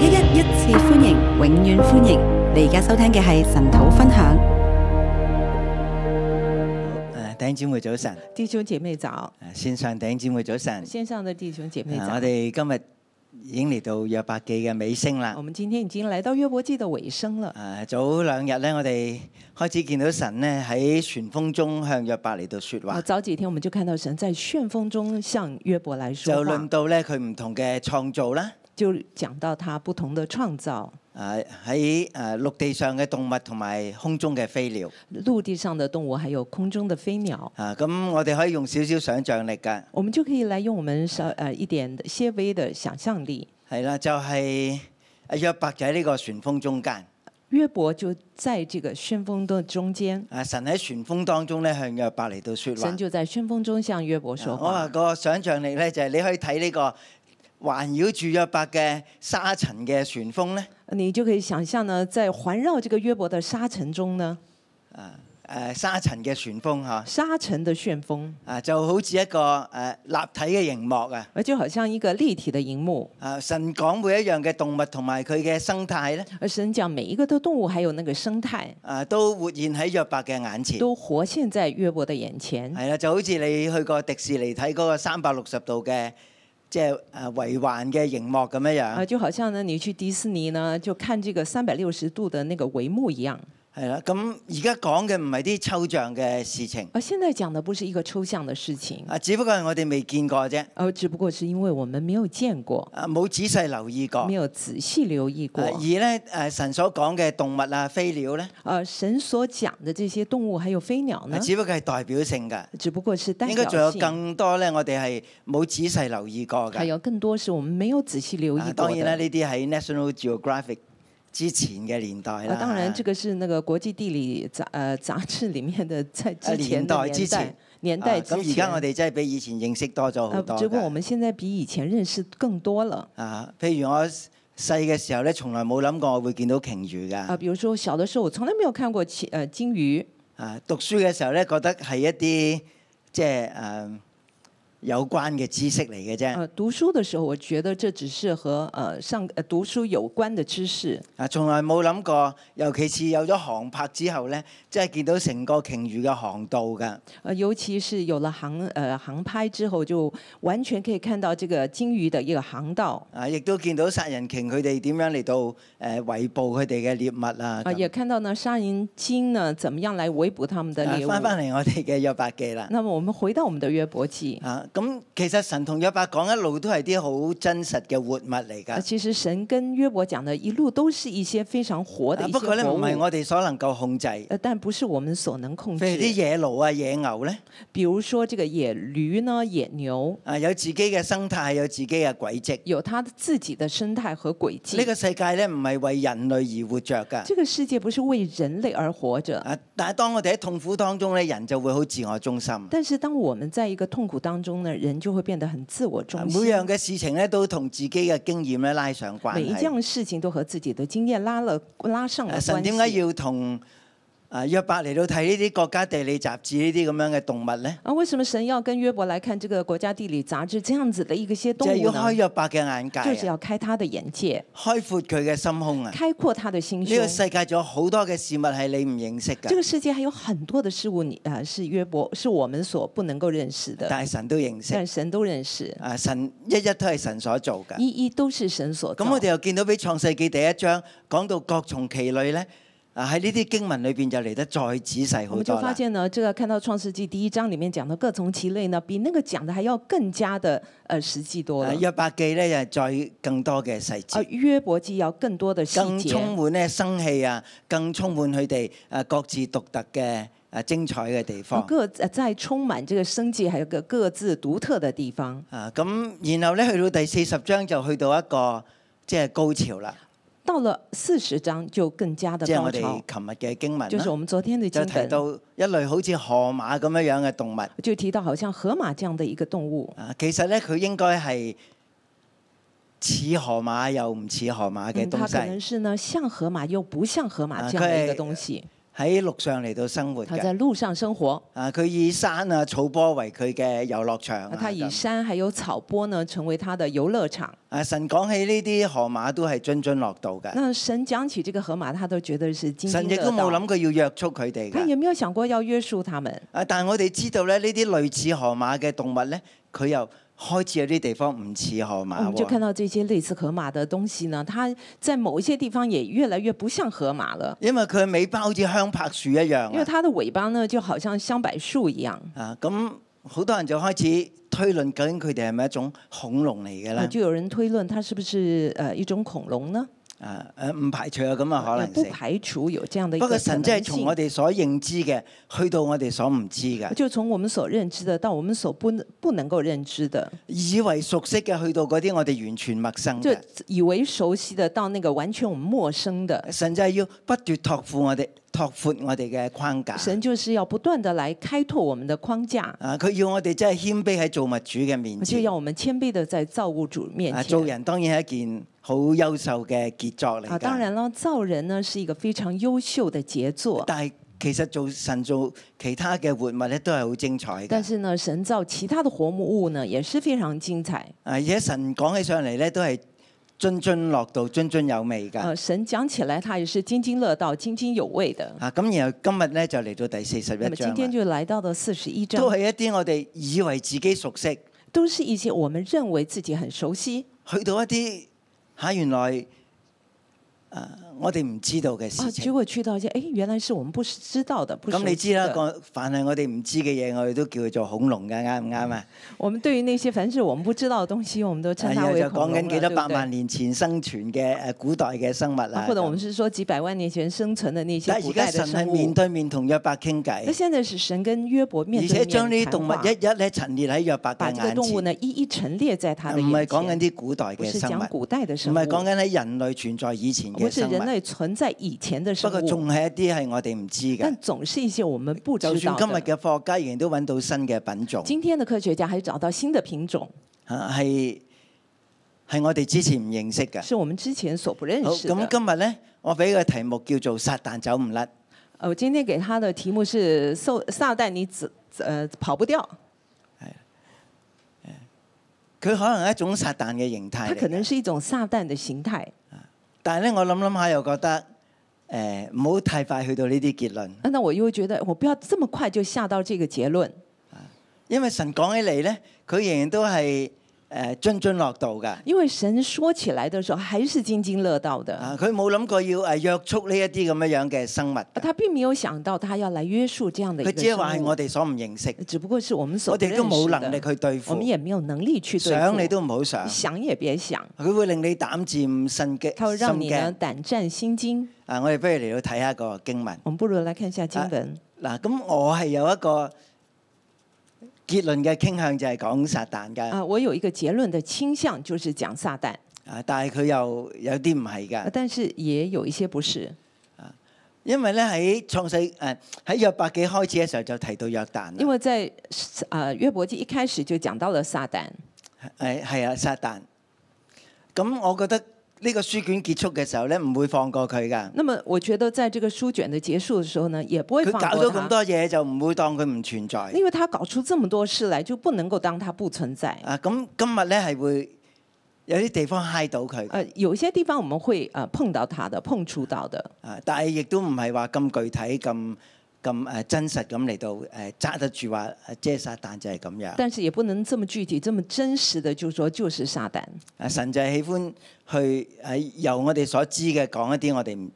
一一一次歡迎，永遠歡迎！你而家收聽嘅係神土分享。誒，弟兄姊妹早晨，弟兄姐妹早。誒，線上弟兄姊妹早晨，線上的弟兄姐妹早、啊、我哋今日已經嚟到約伯記嘅尾聲啦。我們今天已經來到約伯記的尾聲了。誒、啊，早兩日咧，我哋開始見到神呢喺旋風中向約伯嚟到說話、啊。早幾天我們就看到神在旋風中向約伯來說。就論到咧佢唔同嘅創造啦。就講到他不同的創造，誒喺誒陸地上嘅動物同埋空中嘅飛鳥，陸地上的動物還有空中的飛鳥，啊咁我哋可以用少少想象力嘅，我們就可以來用我們少誒、啊、一點些微的想象力，係啦，就係、是、約伯就喺呢個旋風中間，約伯就在這個旋風的中間，啊神喺旋風當中咧向約伯嚟到說話，神就在旋風中向約伯說話，我話個想象力咧就係、是、你可以睇呢、這個。環繞住約伯嘅沙塵嘅旋風咧，你就可以想象呢，在環繞這個約伯嘅沙塵中呢，啊誒、呃、沙塵嘅旋風嚇，沙塵嘅旋風啊，啊就好似一個誒、啊、立體嘅熒幕啊，就好像一個立體嘅熒幕啊，神講每一樣嘅動物同埋佢嘅生態咧、啊，神講每一個都動物，還有那個生態啊，都活現喺約伯嘅眼前，都活現在約伯嘅眼前，係啦、啊，就好似你去過迪士尼睇嗰個三百六十度嘅。即係誒圍環嘅熒幕咁樣樣，啊，就好像呢你去迪士尼呢，就看這個三百六十度嘅那個帷幕一樣。係啦，咁而家講嘅唔係啲抽象嘅事情。啊，現在講嘅，講不是一個抽象嘅事情。啊，只不過係我哋未見過啫。啊，只不過是因為我們沒有見過。啊，冇仔細留意過。沒有仔細留意過。而咧，誒神所講嘅動物啊、飛鳥咧。啊，神所講嘅這些動物還有飛鳥呢？只不過係代表性㗎。只不過是代表。代表應該仲有更多咧，我哋係冇仔細留意過㗎。有更多是我們沒有仔細留意過。啊，當然啦，呢啲係 National Geographic。之前嘅年代啦，啊，當然，這個是那個國際地理雜誒、呃、雜誌裡面的在之前年代年代。咁而家我哋真係比以前認識多咗好多。只不過，我們現在比以前認識更多了。啊，譬如我細嘅時候咧，從來冇諗過我會見到鯨魚㗎。啊，譬如說，小的時候我從來沒有看過鯨，誒鯨魚。啊，讀書嘅時候咧，覺得係一啲即係誒。啊有關嘅知識嚟嘅啫。誒，讀書嘅時候，我覺得這只是和誒上讀書有關嘅知識。啊，從來冇諗過，尤其是有咗航拍之後咧，即係見到成個鯨魚嘅航道㗎。誒，尤其是有了航誒航拍之後，就完全可以看到這個鯨魚嘅一個航道。啊，亦都見到殺人鯨佢哋點樣嚟到誒圍、呃、捕佢哋嘅獵物啊！啊，也看到呢殺人鯨呢，怎麼樣嚟圍捕他們嘅獵物？翻返嚟我哋嘅約伯記啦。那麼我們回到我們的約伯記。啊。咁其實神同約伯講一路都係啲好真實嘅活物嚟㗎。其實神跟約伯講嘅一路都係一些非常活的一些活物。不過咧唔係我哋所能夠控制。但不是我們所能控制。譬如啲野驢啊、野牛咧。比如說這個野驢呢、野牛。啊，有自己嘅生態，有自己嘅軌跡，有它自己嘅生態和軌跡。呢個世界咧唔係為人類而活著㗎。這個世界不是為人類而活着的。啊，但係當我哋喺痛苦當中咧，人就會好自我中心。但是當我們在一個痛苦當中。人就會變得很自我中心，每樣嘅事情咧，都同自己嘅經驗咧拉上關係。每一件事情都和自己的經驗拉了拉上了關係。點解要同？啊約伯嚟到睇呢啲國家地理雜誌呢啲咁樣嘅動物咧，啊為什麼神要跟約伯來看這個國家地理雜誌這樣子的一個些動物，要開約伯嘅眼界，啊，就是要開他的眼界，啊，開闊佢嘅心胸啊！開闊他的心胸。呢個世界仲有好多嘅事物係你唔認識嘅。這個世界還有很多嘅事物你，有事物你啊是約伯，是我們所不能夠認識的。但係神都認識，但神都認識啊，神一一都係神所做嘅，一一都是神所做。咁我哋又見到俾創世紀第一章講到各從其類咧。啊！喺呢啲經文裏邊就嚟得再仔細好多，我就發現呢，就、這個、看到創世記第一章裏面講的各從其類呢，比那個講的還要更加的實際多，誒，實際多啦。約伯記咧又再更多嘅細節，約伯記要更多的細節。充滿呢生氣啊，更充滿佢哋誒各自獨特嘅、誒精彩嘅地方。各誒在充滿這個生機，還有個各自獨特的地方。啊，咁、嗯、然後咧去到第四十章就去到一個即係、就是、高潮啦。到了四十章就更加的高潮。即係我哋琴日嘅經文。就是我們昨天嘅經文。就提到一類好似河馬咁樣樣嘅動物。就提到好像河馬這樣的一個動物。啊，其實咧佢應該係似河馬又唔似河馬嘅東西。佢、嗯、可能是呢，像河馬又不像河馬這樣的一個東西。喺陸上嚟到生活嘅，他在陸上生活。啊，佢以山啊草坡為佢嘅遊樂場。他以山，他他以山還有草坡呢，成為他嘅遊樂場。啊，神講起呢啲河馬都係津津樂道嘅。那神講起這個河馬，他都覺得是津津樂道。神亦都冇諗過要約束佢哋。佢有沒有想過要約束他們？啊，但係我哋知道咧，呢啲類似河馬嘅動物咧，佢又，開始有啲地方唔似河馬，就看到這些類似河馬的東西呢，它在某一些地方也越來越不像河馬了。因為佢尾巴好似香柏樹一樣。啊，因為它的尾巴呢就好像香柏樹一樣。啊，咁好多人就開始推論緊佢哋係咪一種恐龍嚟嘅啦？就有人推論它是不是呃一種恐龍呢？啊！誒唔排除啊，咁啊可能性，不排除有這樣嘅。不過神真係從我哋所認知嘅，去到我哋所唔知嘅。就從我們所認知嘅到我們所不能不能夠認知嘅，以為熟悉嘅，去到嗰啲我哋完全陌生嘅。就以為熟悉的，到那個完全我哋陌生嘅，神真係要不斷託付我哋，拓闊我哋嘅框架，神就是要不斷地來開拓我們的框架啊！佢要我哋真係謙卑喺造物主嘅面前，而就要我們謙卑地在造物主面前。啊、做人當然係一件好優秀嘅傑作嚟嘅。啊，當然啦，造人呢是一個非常優秀嘅傑作。但係其實做神做其他嘅活物咧，都係好精彩嘅。但是呢，神造其他嘅活物呢，也是非常精彩。啊，而且神講起上嚟呢，都係。津津樂道、津津有味噶。啊，神講起來，他也是津津樂道、津津有味的。啊，咁然後今日咧就嚟到第四十一章。咁今天就來到了四十一章。都係一啲我哋以為自己熟悉。都是一些我們認為自己很熟悉。去到一啲嚇、啊，原來啊。我哋唔知道嘅事情。如、啊、果知道就，誒、欸，原來是我們不是知道的。咁你知啦，個凡係我哋唔知嘅嘢，我哋都叫做恐龍嘅，啱唔啱啊？我們對於那些凡是我們不知道嘅東、嗯、東西，我們都稱它為恐龍、哎。就講緊幾多百萬年前生存嘅誒古代嘅生物啦、啊啊。或者我們是說幾百萬年前生存的那些的。但而家神係面對面同約伯傾偈。那現在是神跟約伯面對面。而且將呢啲動物一一咧陳列喺約伯嘅眼前。動物呢一一陳列在他嘅眼前。唔係講緊啲古代嘅生物。唔係講緊喺人類存在以前嘅生物。存在以前的生物，不過仲係一啲係我哋唔知嘅。但總是一些我們不知道。就算今日嘅科學家仍然都揾到新嘅品種。今天的科學家還找到新的品種，啊係係我哋之前唔認識嘅，是我們之前所不認識。好，咁今日咧，我俾個題目叫做撒旦走唔甩。我今天給他的題目是：撒撒旦你走，呃跑不掉。係，佢可能係一種撒旦嘅形態，佢可能是一種撒旦嘅形態。但係我想想下又覺得，唔、呃、好太快去到呢啲結論。那我又覺得我不要咁快就下到這個結論，因為神講起嚟咧，佢仍然都係。誒，津津樂道嘅，因為神說起來的時候，還是津津樂道的。佢冇諗過要誒、啊、約束呢一啲咁樣樣嘅生物。佢並沒有想到他要嚟約束這樣的。佢只係話係我哋所唔認識。只不過係我們所我哋都冇能力去對付。我們也沒有能力去，能力去對付。想你都唔好想，想也別想。佢會令你膽戰心驚。它會讓你膽戰心驚。心驚啊，我哋不如嚟到睇下個經文。我們不如來看一下經文。嗱、啊，咁我係有一個，結論嘅傾向就係講撒旦㗎。啊，我有一個結論的傾向就是講撒旦。啊，但係佢又有啲唔係㗎。但是也有一些不是。啊，因為咧喺創世誒喺約伯記開始嘅時候就提到約旦。因為在啊約伯記一開始就講到了撒旦。誒係、哎、啊，撒旦。咁我覺得。呢個書卷結束嘅時候咧，唔會放過佢㗎。那麼，我覺得在這個書卷嘅結束嘅時候呢，也不會放過佢。搞咗咁多嘢，他就唔會當佢唔存在。因為他搞出這麼多事來，就不能夠當他不存在。啊，咁、嗯、今日呢，係會有啲地方嗨到佢、啊。有些地方我們會碰到他的碰觸到的。啊、但係亦都唔係話咁具體、咁咁誒真實咁嚟到誒揸、呃、得住話遮、呃、撒旦就係咁樣。但是也不能這麼具體、這麼真實的，就說就是撒旦。啊、神就係喜歡。去喺、啊、由我哋所知嘅講一啲我哋唔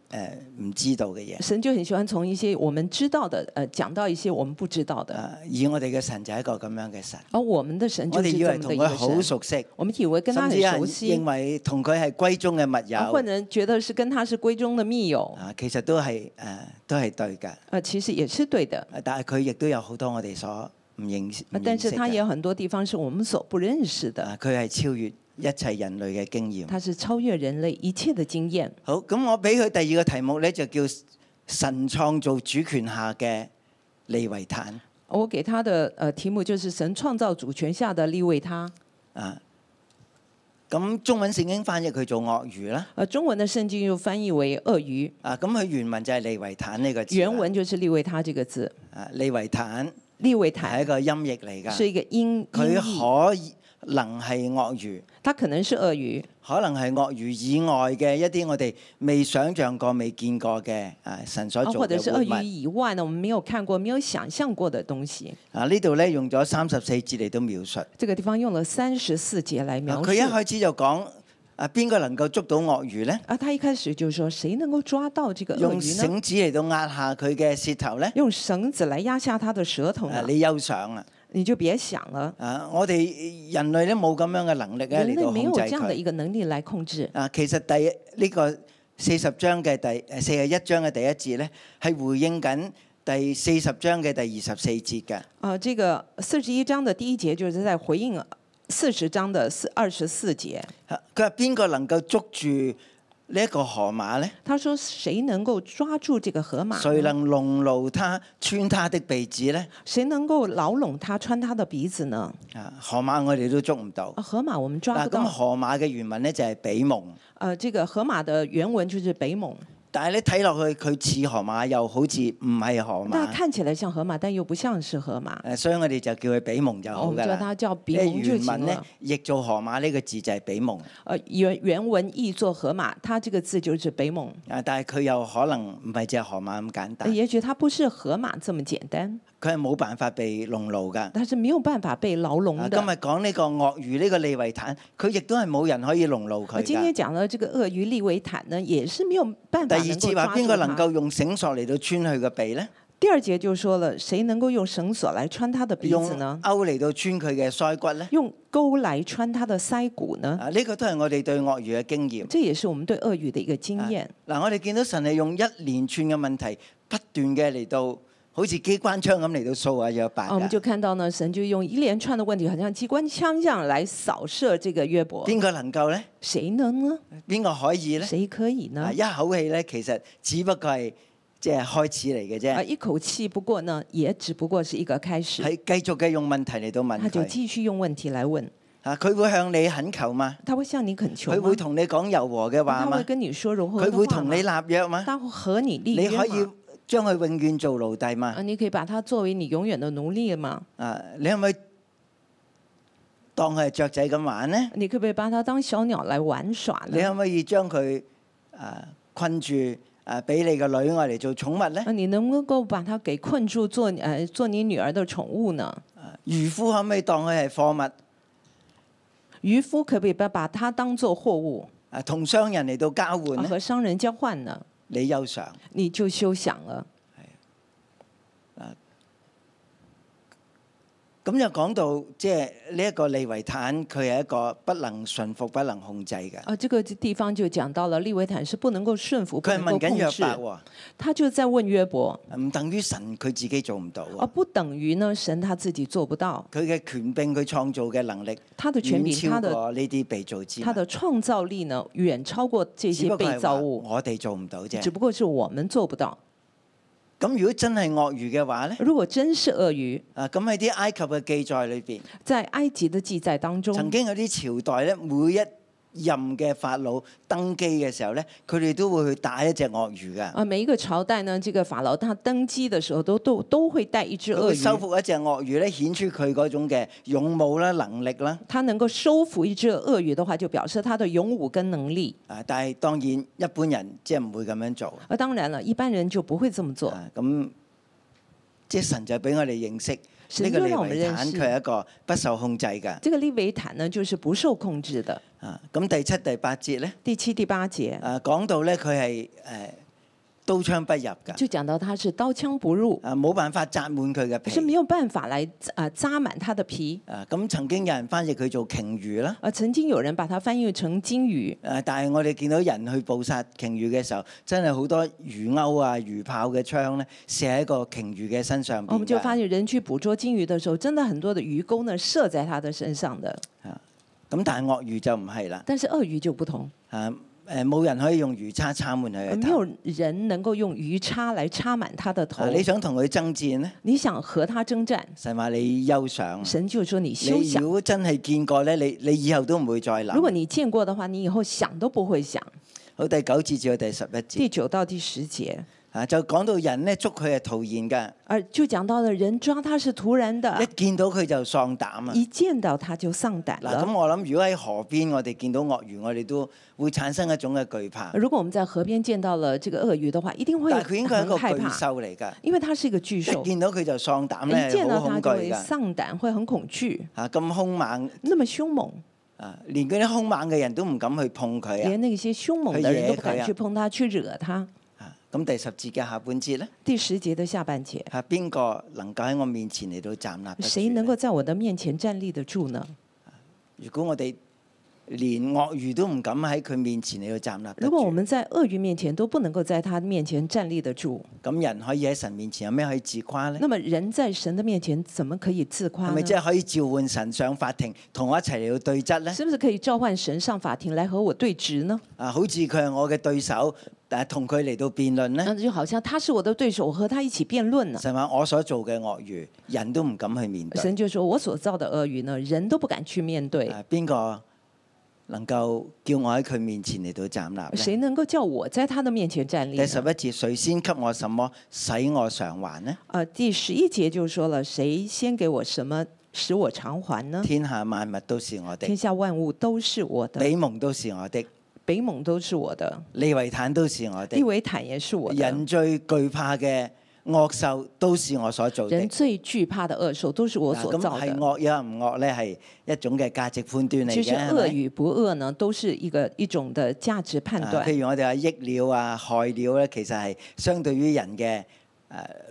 唔知道嘅嘢。神就很喜歡從一些我們知道的，誒、呃、講到一些我們不知道的。而我哋嘅神就係一個咁樣嘅神。而我們的神就係其中嘅一個樣的神。我哋以為同佢好熟悉，我們以為甚至係認為同佢係閨中嘅密友。有人覺得是跟他是閨中的密友。啊，其實都係誒、啊、都係對嘅。啊，其實也是對的。但係佢亦都有好多我哋所唔認識。但是他，也有，很但是他也有很多地方是我們所不認識的。佢係、啊、超越。一切人類嘅經驗，它是超越人類一切嘅經驗。好，咁我俾佢第二個題目咧，就叫神創造主權下嘅利維坦。我給他的呃題目就是神創造主權下的利維他。啊，咁中文聖經翻譯佢做鱷魚啦。呃、啊，中文的聖經又翻譯為鱷魚。啊，咁佢原文就係利維坦呢個字。原文就是利維他這個字。啊，利維坦，利維坦係一個音譯嚟㗎。是一個音。佢可以。能係鱷魚，它可能是鱷魚，可能係鱷魚以外嘅一啲我哋未想象過、未見過嘅啊神所做嘅。或者是鱷魚以外呢？我們沒有看過、沒有想象過的東西。啊，呢度呢，用咗三十四節嚟,到描述。這個地方用了三十四節來描述。佢一開始就講啊，邊個能夠捉到鱷魚呢？啊，他一開始就說，誰、啊、能夠、啊、抓到這個鱷魚呢？用繩子嚟到壓下佢嘅舌頭呢？用繩子來壓下它的舌頭。啊，你休想啊！你就別想了。啊，我哋人類都冇咁樣嘅能力咧，嚟到人類沒有這樣的、啊，這樣的一個能力來控制。啊，其實第呢、這個四十章嘅第四十一章嘅第一節呢，係回應緊第四十章嘅第二十四節嘅。啊，這個四十一章的第一節就是在回應四十章的四二十四節。佢話邊個能夠捉住？呢一個河馬咧，他說誰能夠抓住這個河馬？誰能弄露他穿他的鼻子咧？誰能夠牢籠他穿他的鼻子呢？啊，河馬我哋都捉唔到。啊、河馬我們抓唔到，咁河馬嘅原文咧就係、是《比蒙》。誒、啊，這個河馬的原文就是《比蒙》。但係你睇落去，佢似河馬，又好似唔係河馬。但係看起來像河馬，但又不像是河馬。誒、啊，所以我哋就叫佢比蒙就好噶啦、哦。我覺得佢叫比蒙就夠啦。原文咧譯做河馬呢個字就係比蒙。誒，原原文譯做河馬，它這個字就是比蒙。誒、呃啊，但係佢又可能唔係隻河馬咁簡單。誒，也許它不是河馬這麼簡單。佢係冇辦法被籠牢噶，但是冇辦法被牢籠、啊、今日講呢個鱷魚呢、這個利維坦，佢亦都係冇人可以籠牢佢。我今天講到呢個鱷魚利維坦呢，也是沒有辦法。第二節話邊個能夠用繩索嚟到穿佢嘅鼻呢？第二節就說了，誰能夠用繩索嚟穿它的鼻子呢？鈎嚟到穿佢嘅腮骨呢？用鈎嚟穿它的腮骨呢？呢、啊，這個都係我哋對鱷魚嘅經驗。這也是我們對鱷魚的一個經驗。嗱、啊，我哋見到神係用一連串嘅問題，不斷嘅嚟到。好似機關槍咁嚟到掃啊，約伯。我們、嗯、就看到呢，神就用一連串的問題，好像機關槍一樣嚟掃射這個約伯。邊個能夠呢？誰能呢？邊個可以呢？誰可以呢？一口氣呢，其實只不過係即係開始嚟嘅啫。一口氣不過呢，也只不過是一個開始。係繼續繼續用問題嚟到問，佢就繼續用問題嚟問。啊，佢會向你懇求嗎？他會向你懇求。佢會同你講柔和嘅話嗎？會跟你說柔和。佢會同你立約嗎？他會和你立,約會你,立約你可以。將佢永遠做奴隸嘛？嗎啊，你可以把它作為你永遠的奴隸嘛？啊，你可唔可以當佢係雀仔咁玩呢？你可唔可以把它當小鳥嚟玩耍呢？你可唔可以將佢啊困住啊俾你個女愛嚟做寵物呢？啊、你能唔能夠把它給困住做誒做你女兒嘅寵物呢、啊？漁夫可唔可以當佢係貨物？漁夫可唔可以把把它當做貨物？啊，同商人嚟到交換呢、啊？和商人交換呢？你休想，你就休想了。咁又講到，即係呢一個利維坦，佢係一個不能順服、不能控制嘅。啊，這個地方就講到了利維坦是不能夠順服，不能夠控制。佢問緊約伯，他就在問約伯，唔等於神佢自己做唔到。啊，不等於呢神他自己做不到。佢嘅權柄，佢創造嘅能力，他的權柄，他的呢啲被造之，他的創造力呢，遠超過這些被造物。我哋做唔到啫，只不過係我們做不到。咁如果真係鱷魚嘅話呢？如果真是鱷魚啊，咁喺啲埃及嘅記載裏邊，在埃及的記載當中，曾經有啲朝代呢，每一任嘅法老登基嘅時候咧，佢哋都會去打一隻鱷魚嘅。啊，每一個朝代呢，這個法老他登基嘅時候都都都會帶一隻鱷魚。收服一隻鱷魚咧，顯出佢嗰種嘅勇武啦、能力啦。他能夠收服一隻鱷魚的話，就表示他的勇武跟能力。能能力啊，但係當然一般人即係唔會咁樣做。啊，當然啦，一般人就不會這麼做。咁、啊、即係神就俾我哋認識呢個利維坦，佢係一個不受控制嘅。呢個利維坦呢，就是不受控制的。咁第七、第八節咧？第七、第八節，八節啊，講到咧，佢係誒刀槍不入噶。就講到他是刀槍不入。啊，冇辦法扎滿佢嘅皮。佢是沒有辦法嚟啊扎滿他的皮。啊，咁、嗯、曾經有人翻譯佢做鯨魚啦。啊，曾經有人把它翻譯成鯨魚。啊，但係我哋見到人去捕殺鯨魚嘅時候，真係好多魚鈎啊、魚炮嘅槍咧，射喺個鯨魚嘅身上。我哋就發現人去捕捉鯨魚嘅時候，真的很多嘅魚鈎、啊、呢，呢，射在他的身上的。啊。咁但係鱷魚就唔係啦，但是鱷魚就不同啊！誒，冇人可以用魚叉插滿佢。沒有人能夠用魚叉來插滿他的頭。你想同佢征戰咧？你想和他征戰？神話你休想。神就說你休想。你如果真係見過咧，你你以後都唔會再諗。如果你見過的話，你以後想都不會想。好，第九節至到第十一節。第九到第十節。啊！就說到人捉他是徒然的就講到人咧，捉佢係徒然嘅。啊，就講到咧，人抓他是徒然的。一見到佢就喪膽啊！一見到他就喪膽啦。咁、啊、我諗，如果喺河邊，我哋見到鱷魚，我哋都會產生一種嘅懼怕。如果我們在河邊見到了這個鱷魚的話，一定會很害怕。但佢應該係一個巨獸嚟㗎，因為它是一個巨獸。見到佢就喪膽咧，好恐懼㗎。喪膽會很恐懼。嚇咁、啊、凶猛，那麼凶猛啊！連嗰啲凶猛嘅人都唔敢去碰佢，連那些凶猛嘅人都不敢去碰他，他惹他啊、去惹他。咁第十節嘅下半節咧？第十節的下半節。係邊個能夠喺我面前嚟到站立？誰能夠在我的面前站立得住呢？住呢？如果我哋。連鱷魚都唔敢喺佢面前嚟到站立。如果我們在鱷魚面前都不能夠在他面前站立得住，咁人可以喺神面前有咩可以自誇呢？那麼人在神的面前怎麼可以自誇？係咪即係可以召喚神上法庭同我一齊嚟到對質呢？是不是可以召喚神上法庭來和我對質呢？啊，好似佢係我嘅對手，但係同佢嚟到辯論呢，就好像他是我的對手，我和他一起辯論呢。神話，我所做嘅鱷魚，人都唔敢去面對。神就說：我所造的鱷魚呢，人都不敢去面對。邊個、啊？能夠叫我喺佢面前嚟到站立？誰能夠叫我在他的面前站立？第十一節，誰先給我什麼，使我償還呢？啊、呃，第十一節就説了，誰先給我什麼，使我償還呢？天下萬物都是我的。天下萬物都是我的。比蒙都是我的。比蒙都是我的。利維坦都是我的。利維坦也是我的。人最懼怕嘅，惡獸都是我所做的，人最懼怕的惡獸都是我所造的。咁係惡抑或唔惡呢，係一種嘅價值判斷嚟嘅。其實惡與不惡呢，都是一個一種嘅價值判斷。譬、啊、如我哋話益鳥啊、害鳥咧、啊，其實係相對於人嘅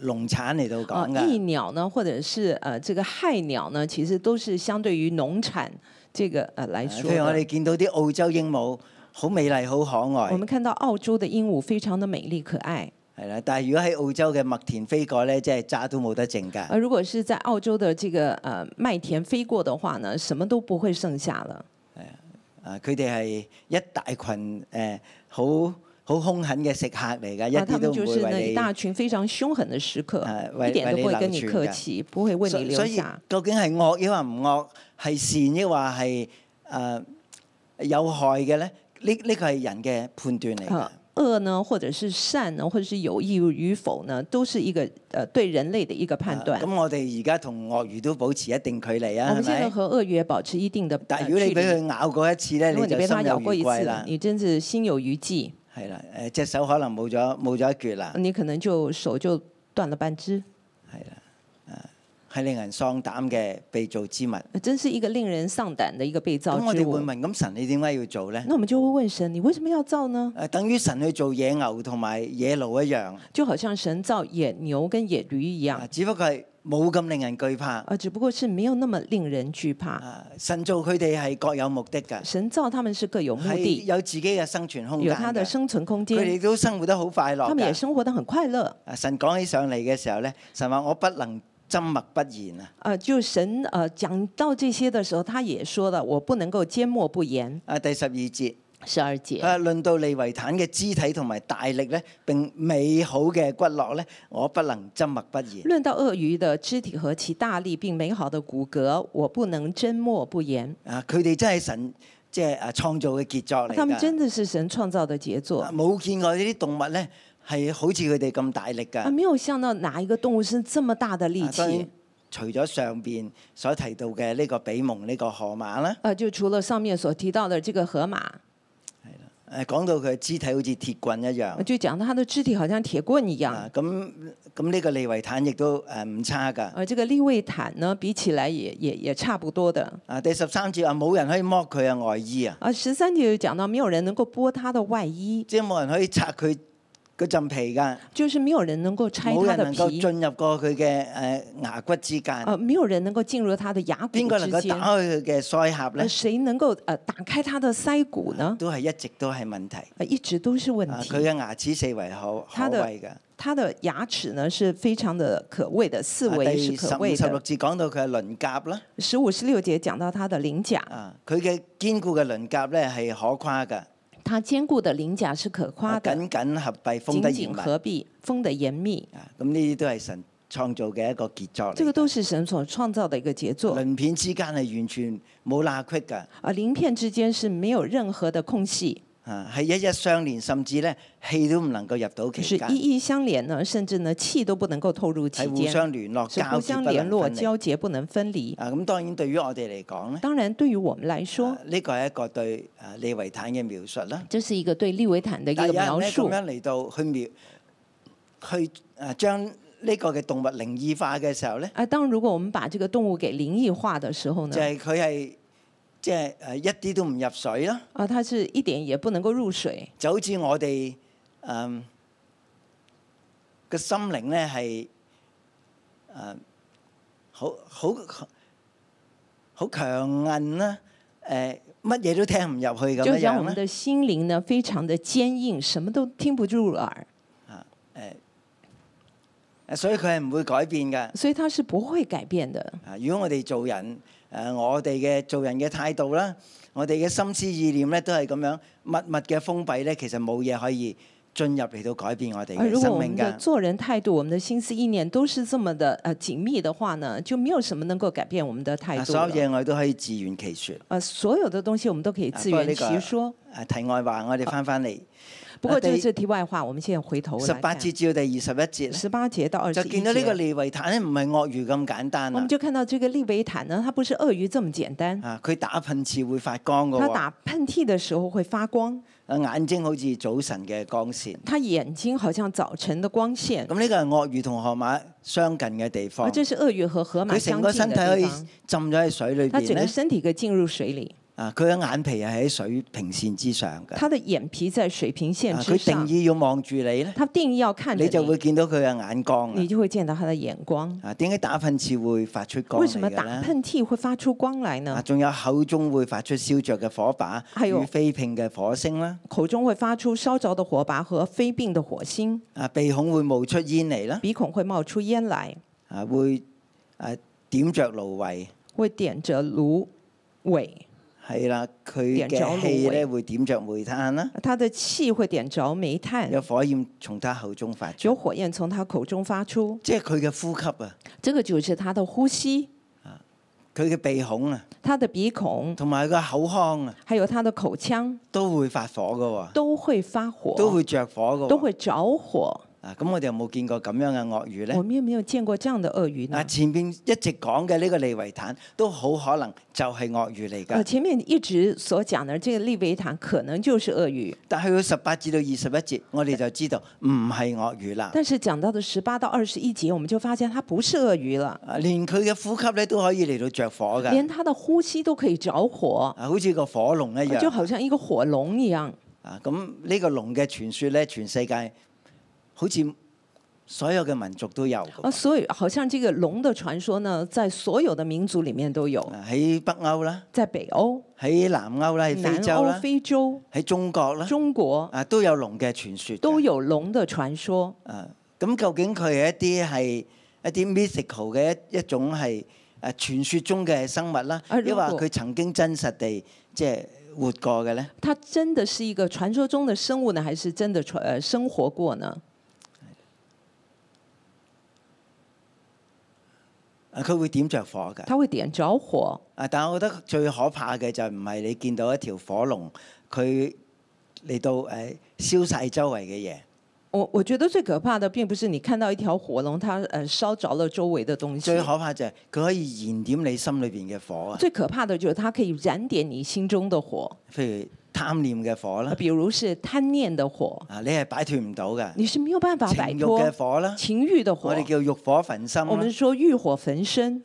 誒農產嚟到講嘅。益、啊、鳥呢，或者是誒、呃、這個害鳥呢，其實都是相對於農產這個嚟、呃、來說。譬、啊、如我哋見到啲澳洲鸚鵡，好美麗，好可愛。我們看到澳洲的鸚鵡非常的美麗可愛。係啦，但係如果喺澳洲嘅麥田飛過咧，即係渣都冇得剩㗎。啊，如果是在澳洲的這個呃麥田飛過的話呢，什麼都不會剩下了。係啊，佢哋係一大群誒好好兇狠嘅食客嚟㗎，一點都唔會為你。那他們就是一大群非常凶狠的食客，啊、一點都不會跟你客氣，為為不會問你。所以，所以究竟係惡抑或唔惡，係善抑或係誒有害嘅咧？呢、這、呢個係、這個、人嘅判斷嚟㗎。啊惡呢，或者是善呢，或者是有益與否呢，都是一個，呃，對人類的一個判斷。咁、啊嗯、我哋而家同鱷魚都保持一定距離啊，我們現在和鱷魚也保持一定的距離。但係如果你俾佢咬過一次咧，你你俾佢咬過一次啦，你，你真是心有餘悸。係啦，誒、呃、隻手可能冇咗冇咗一截啦。你可能就手就斷咗半隻。係啦。係令人喪膽嘅被造之物，真是一個令人喪膽嘅一個被造之物。咁我哋會問：咁神你點解要做咧？那我們就會問神：你為什麼要造呢？誒、啊，等於神去做野牛同埋野驢一樣，就好像神造野牛跟野驢一樣，只不過係冇咁令人懼怕。啊，只不過是沒有那麼令人懼怕。神造佢哋係各有目的噶。神造他們是各有目的，的，有，目的有自己嘅生存空間，有他的生存空間，佢哋都生活得好快樂。他們也生活得很快樂。啊、神講起上嚟嘅時候咧，神話我不能。緘默不言啊！啊，就神啊，講到這些的時候，他也說了，我不能夠緘默不言。啊，第十二節。十二節。啊，論到利維坦嘅肢體同埋大力咧，並美好嘅骨骼咧，我不能緘默不言。論到鱷魚的肢體和其大力並美好的骨骼，我不能緘默不言。啊，佢哋真係神即係創造嘅傑作嚟噶。他們真的是神創造的傑作。啊，冇見過呢啲動物咧。係好似佢哋咁大力㗎。啊，沒有想到哪一個動物身這麼大的力氣。啊、除咗上邊所提到嘅呢個比蒙呢，這個河馬啦，啊，就除了上面所提到嘅這個河馬。係啦。誒，啊，講到佢肢體好似鐵棍一樣。啊，就講到它嘅肢體好像鐵棍一樣。啊，咁咁呢個利維坦亦都誒唔差㗎。而這個利維坦，啊啊，這個，利維坦呢，比起來也也也差不多嘅。啊，第十三節話冇人可以剝佢嘅外衣啊。啊，十三節就講到沒有人能夠剝它的外衣。啊，有外衣即係冇人可以拆佢。嗰陣皮㗎，就是沒有人能夠拆。冇人能夠進入過佢嘅誒牙骨之間。啊，沒有人能夠進入他的牙骨。邊個能夠打開佢嘅腮合咧？誰能夠誒打開他的腮骨呢？都係一直都係問題。一直都是問題。佢嘅牙齒四圍好可畏㗎。他的，牙齒的，他，的他的牙齒呢，是非常的可畏的四圍可畏的。十五十六節講到佢嘅鱗甲啦。十五十六節講到他的鱗甲。啊，佢嘅堅固嘅鱗甲咧係可誇嘅。它堅固的鱗甲是可誇的，緊緊合閉，緊緊合閉，封得嚴密。緊緊合閉，封得嚴密。咁呢啲都係神創造嘅一個傑作嚟。這個都是神所創造嘅一個傑作。鱗片之間係完全冇罅隙㗎。啊，鱗片之間是沒有任何嘅空隙。啊，係一一相連，甚至咧，氣都唔能夠入到其間。是一一相連呢，甚至呢氣都不能夠透入。係互相聯絡，交不能。互相聯絡交接不能分離。啊，咁當然對於我哋嚟講咧。當然，對於我們來說。呢個係一個對利維坦嘅描述啦。係啊，有呢咁樣嚟到去描，去啊將呢個嘅動物靈異化嘅時候咧。啊，當如果我們把這個動物給靈異化的時候呢？就係佢係。即係誒，一啲都唔入水啦。啊，他是一點也不能夠入水。就好似我哋誒個心靈咧，係誒好好好強硬啦，誒乜嘢都聽唔入去咁樣。就像我們的心靈呢，非常的堅硬，什麼都聽不入耳。啊誒所以佢係唔會改變嘅。所以他是不會改變的。啊，如果我哋做人。誒、呃，我哋嘅做人嘅態度啦，我哋嘅心思意念咧，都係咁樣密密嘅封閉咧，其實冇嘢可以進入嚟到改變我哋嘅生命㗎。如果我明嘅做人態度、我們嘅心思意念都是咁樣密密的誒緊密嘅話呢，就沒有什麼能夠改變我們嘅態度。所有嘢我哋都可以自圓其説。誒，所有嘅東西我們都可以自圓其説。誒、啊啊，這個啊，題外話，我哋翻返嚟。啊不過，就是題外話，我們現在回頭。十八節照第二十一節。十八節到二十一節。就見到呢個利維坦呢，唔係鱷魚咁簡單。我們就看到這個利維坦呢，它不是鱷魚這麼簡單。啊，佢打噴嚏會發光嘅。它打噴的它打噴嚏的時候會發光。啊，眼睛好似早晨嘅光線。它眼睛好像早晨的光線。咁呢、嗯、個係鱷魚同河馬相近嘅地方。這是鱷魚和河馬。佢成個身體可以浸咗喺水裏面。它整個身體可以進入水裡。啊！佢嘅眼皮係喺水平線之上嘅。他的眼皮在水平線之上。佢定義要望住你咧。他定義要，你定義要看你。你就會見到佢嘅眼光，啊。你就會見到佢嘅眼光。啊！點解打噴嚏會發出光嚟㗎咧？為什麼打噴嚏會發出光來呢？啊！仲有口中會發出燒着嘅火把與飛迸嘅火星啦。口中會發出燒着嘅火把和飛迸嘅火星。啊！鼻孔會冒出煙嚟啦。鼻孔、啊、會冒出煙嚟，啊！會啊點着蘆葦。會點着蘆葦。係啦，佢嘅氣咧會點着煤炭啦。佢嘅氣會點着煤炭。有火焰從他口中發出。有火焰從他口中發出。即係佢嘅呼吸啊。這個就是他嘅呼吸。啊，佢嘅鼻孔啊。他嘅鼻孔。同埋個口腔啊。還有他的口腔。都會發火嘅喎。都會發火。都會著火嘅喎。都會着火。都會着火。咁我哋有冇見過咁樣嘅鱷魚呢？我們有沒有見過這樣的鱷魚呢？嗱，前面一直講嘅呢個利維坦都好可能就係鱷魚嚟㗎。前面一直所講的這個利維坦可能就是鱷魚。但去到十八至到二十一節，我哋就知道唔係鱷魚啦。但是講到的十八到二十一節，我們就發現它不是鱷魚了。連佢嘅呼吸咧都可以嚟到着火㗎。連它的呼吸都可以着火。啊，好似個火龍一樣。它就好像一個火龍一樣。啊，咁呢個龍嘅傳說咧，全世界。好似所有嘅民族都有啊，所以好像這個龍的傳說呢，在所有的民族裡面都有。喺北歐啦，即係北歐喺南歐啦，喺非洲啦，喺中國啦，中國啊都有龍嘅傳說，都有龍的傳說。傳說啊，咁究竟佢係一啲係一啲 mythical 嘅一一種係誒傳說中嘅生物啦，抑或佢曾經真實地即係活過嘅呢。它真的是一個傳說中的生物呢，還是真的誒生活過呢？佢會點着火嘅，佢會點着火。啊！但係我覺得最可怕嘅就唔係你見到一條火龍，佢嚟到誒燒晒周圍嘅嘢。我我覺得最可怕的並不是你看到一條火龍，它誒燒着了周圍嘅東西。最可怕就係佢可以燃點你心裏邊嘅火啊！最可怕的就是它可以燃點你心中的火。譬如。貪念嘅火啦，比如是貪念的火，啊，你係擺脱唔到嘅，你是沒有辦法擺脱嘅火啦，情欲的火，的火我哋叫欲火，火焚身。我們說欲火焚身，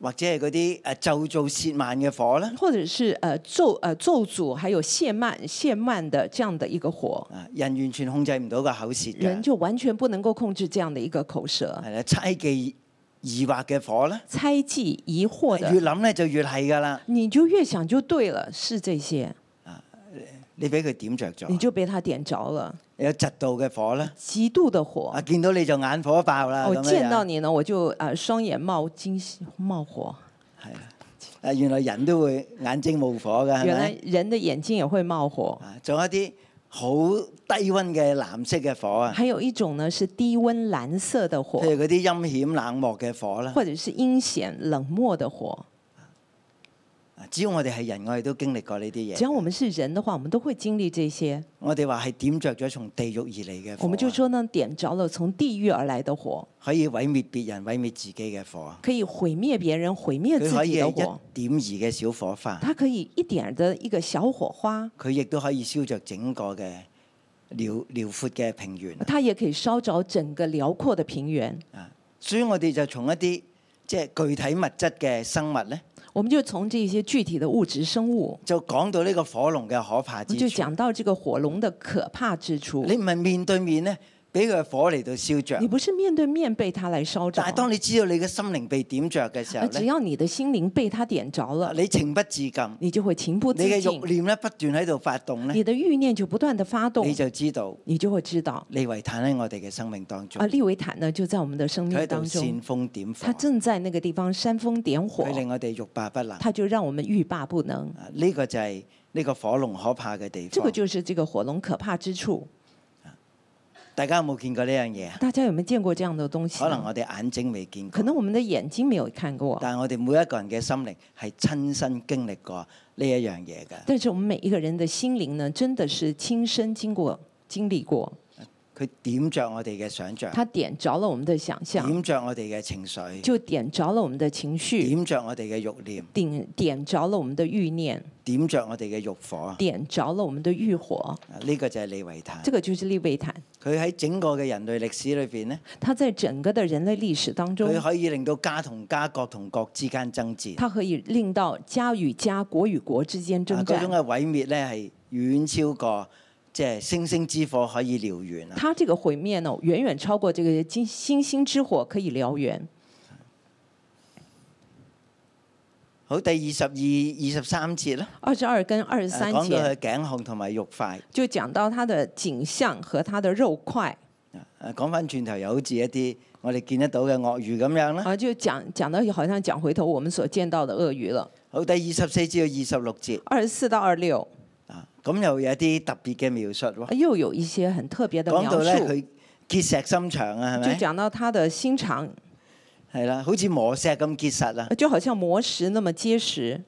或者係嗰啲誒咒造泄慢嘅火啦，或者是誒咒誒咒詛，還有泄慢泄慢的這樣的，一個火，啊，人完全控制唔到個口舌，人就完全不能夠控制這樣的，一個口舌，係啦，猜忌。疑惑嘅火咧，猜忌疑惑嘅，越諗咧就越係噶啦。你就越想就對了，是這些。啊，你俾佢點着咗，你就被他點着了。有窒度嘅火咧，極度嘅火。啊，見到你就眼火爆啦。我見到你呢，我就啊雙眼冒金冒火。係啊，啊原來人都會眼睛冒火噶。原來人嘅眼睛也會冒火。仲、啊、有啲好。低溫嘅藍色嘅火啊！還有一種呢，是低溫藍色的火。譬如嗰啲陰險冷漠嘅火啦。或者是陰險冷漠的火。只要我哋係人，我哋都經歷過呢啲嘢。只要我們是人的話，我們都會經歷這些。我哋話係點着咗從地獄而嚟嘅火。我們就說呢，點着了從地獄而來的火，的火可以毀滅別人、毀滅自己嘅火。可以毀滅別人、毀滅自己嘅火，佢可以嘅一點兒嘅小火花。它可以一點兒的一個小火花，佢亦都可以燒着整個嘅。遼遼闊嘅平原，它也可以燒着整個遼闊的平原。啊，所以我哋就從一啲即係具體物質嘅生物咧，我們就從這些具體的物質生物，就講到呢個火龍嘅可怕之處。就講到這個火龍的可怕之處。你唔係面對面呢，俾佢火嚟到燒着，你不是面對面被它來燒着。但係當你知道你嘅心靈被點着嘅時候，只要你的心靈被它點着了，你情不自禁，你就會情不自禁。你嘅慾念咧不斷喺度發動咧，你的慾念就不斷地發動，你就知道，你就會知道。利維坦喺我哋嘅生命當中，啊，利維坦呢就在我們的生命當中煽風點火，他正在那個地方煽風點火，佢令我哋欲罷不能，他就讓我們欲罷不能。啊，呢個就係呢個火龍可怕嘅地方，呢個就是這個火龍可怕之處。大家有冇見過呢樣嘢？大家有冇見過這樣的東西？可能我哋眼睛未見過。可能我們的眼睛沒有看過。但我哋每一個人嘅心靈係親身經歷過呢一樣嘢。但是我們每一個人的心靈呢，真的是親身經過、經歷過。佢點着我哋嘅想像，他點着了我們的想象。點着我哋嘅情緒，就點着了我們的情緒。點着我哋嘅欲念，點點着了我們的欲念。點着我哋嘅欲火，點着了我們的欲火。呢個就係利維坦，呢個就是利維坦。佢喺整個嘅人類歷史裏邊呢，他在整個的人類歷史當中，佢可以令到家同家、國同國之間爭戰。他可以令到家與家、國與國之間爭戰。嗰種嘅毀滅呢，係遠超過。即係星星之火可以燎原啊！它這個毀滅呢，遠遠超過這個星星星之火可以燎原。好，第二十二、二十三節啦。二十二跟二十三節。講到佢頸項同埋肉塊。就講到它的景象和它的肉塊。誒、啊，講翻轉頭又好似一啲我哋見得到嘅鱷魚咁樣啦。啊，就講講到好像講回頭我們所見到的鱷魚啦。好，第二十四至到二十六節。二十四到二六。咁又有一啲特別嘅描述喎。又有一些很特別嘅描述。講到咧，佢結石心腸啊，係咪？就講到他的心腸，係啦，好似磨石咁結實啦。就好像磨石那麼結實。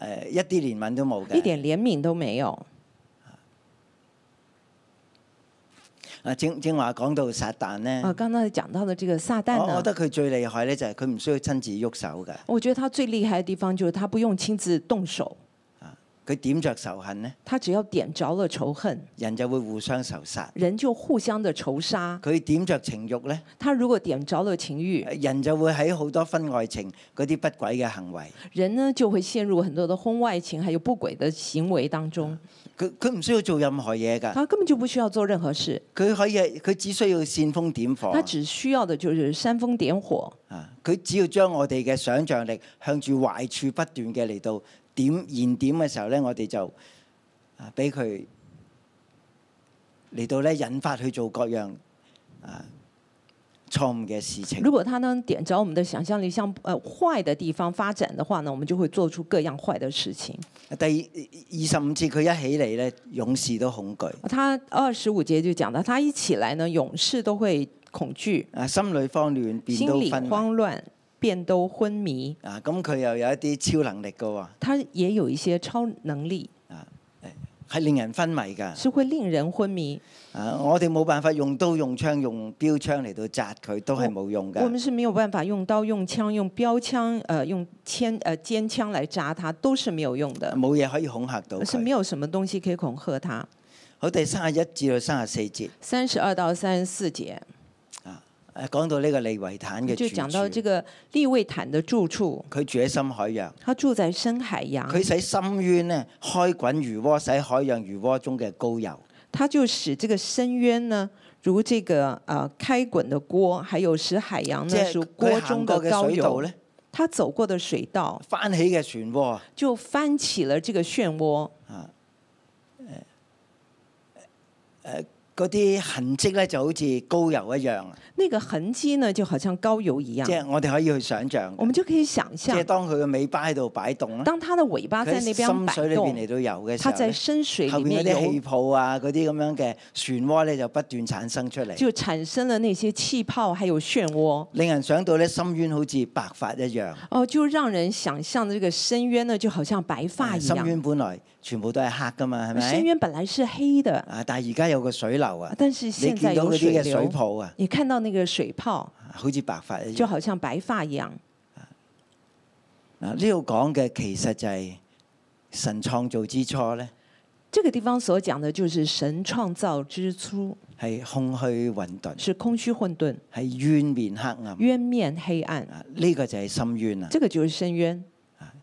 誒，一啲憐憫都冇嘅。一點憐憫都沒有。啊，正正話講到撒旦呢，啊，剛才講到的這個撒旦，我覺得佢最厲害咧，就係佢唔需要親自喐手嘅。我覺得他最厲害嘅地方，就是他不用親自動手。佢點着仇恨呢？他只要點着了仇恨，人就會互相仇殺。人就互相的仇殺。佢點着情欲呢？他如果點着了情欲，人就會喺好多婚外情嗰啲不軌嘅行為。人呢就會陷入很多的婚外情，還有不軌的行為當中。佢佢唔需要做任何嘢㗎。他根本就不需要做任何事。佢可以，佢只需要煽風點火。他只需要的就是煽風點火。啊！佢只要將我哋嘅想象力向住壞處不斷嘅嚟到。點燃點嘅時候咧，我哋就啊俾佢嚟到咧，引發去做各樣啊錯誤嘅事情。如果他能點着我們的想象力向呃壞的地方發展嘅話呢，我們就會做出各樣壞嘅事情。第二十五節，佢一起嚟咧，勇士都恐懼。他二十五節就講到，他一起嚟呢，勇士都會恐懼啊，心裏慌亂，變到分。便都昏迷啊！咁佢又有一啲超能力噶喎。他也有一些超能力啊，係令人昏迷噶。是會令人昏迷啊！我哋冇辦法用刀、用槍、用標槍嚟到扎佢，都係冇用噶。我們是沒有辦法用刀、用槍、用標槍、呃用尖、呃尖槍來扎他，都是沒有用的。冇嘢可以恐嚇到，是沒有什麼東西可以恐嚇他。好，第三十一至到三十四節。三十二到三十四節。講到呢個利維坦嘅，就講到呢個利維坦的住處。佢住喺深海洋。佢住在深海洋。佢使深，深淵呢，開滾如鍋，使海洋如鍋中嘅膏油。他就使這個深淵呢，如這個呃開滾的鍋，還有使海洋呢，是鍋中的膏油咧。他，他走過的水道，翻起嘅漩渦，就翻起了這個漩渦。啊，誒、呃，誒、呃。嗰啲痕跡咧就好似膏油一樣。呢個痕跡呢，就好像膏油一樣。即係我哋可以去想像。我們就可以想像。即係當佢嘅尾巴喺度擺動咧。當它的尾巴喺呢邊擺動。佢深水裏邊嚟到遊嘅時候。它在深水裡面。啲氣泡啊，嗰啲咁樣嘅旋渦咧，就不斷產生出嚟。就產生了那些氣泡，還有旋渦。令人想到咧，深淵好似白髮一樣。哦，就讓人想象呢個深淵呢，就好像白髮一樣。嗯、深淵本來。全部都係黑噶嘛，係咪？深淵本來是黑的。啊，但係而家有個水流啊。但是現在有水流。你見到嗰啲嘅水泡啊？你看到那個水泡，好似白髮一樣。就好像白髮一樣。嗱、啊，呢度講嘅其實就係神創造之初咧。這個地方所講嘅，就是神創造之初。係空虛混沌。是空虛混沌。係淵面黑暗。淵面黑暗。呢個就係深淵啊。呢、這個就是深淵、啊。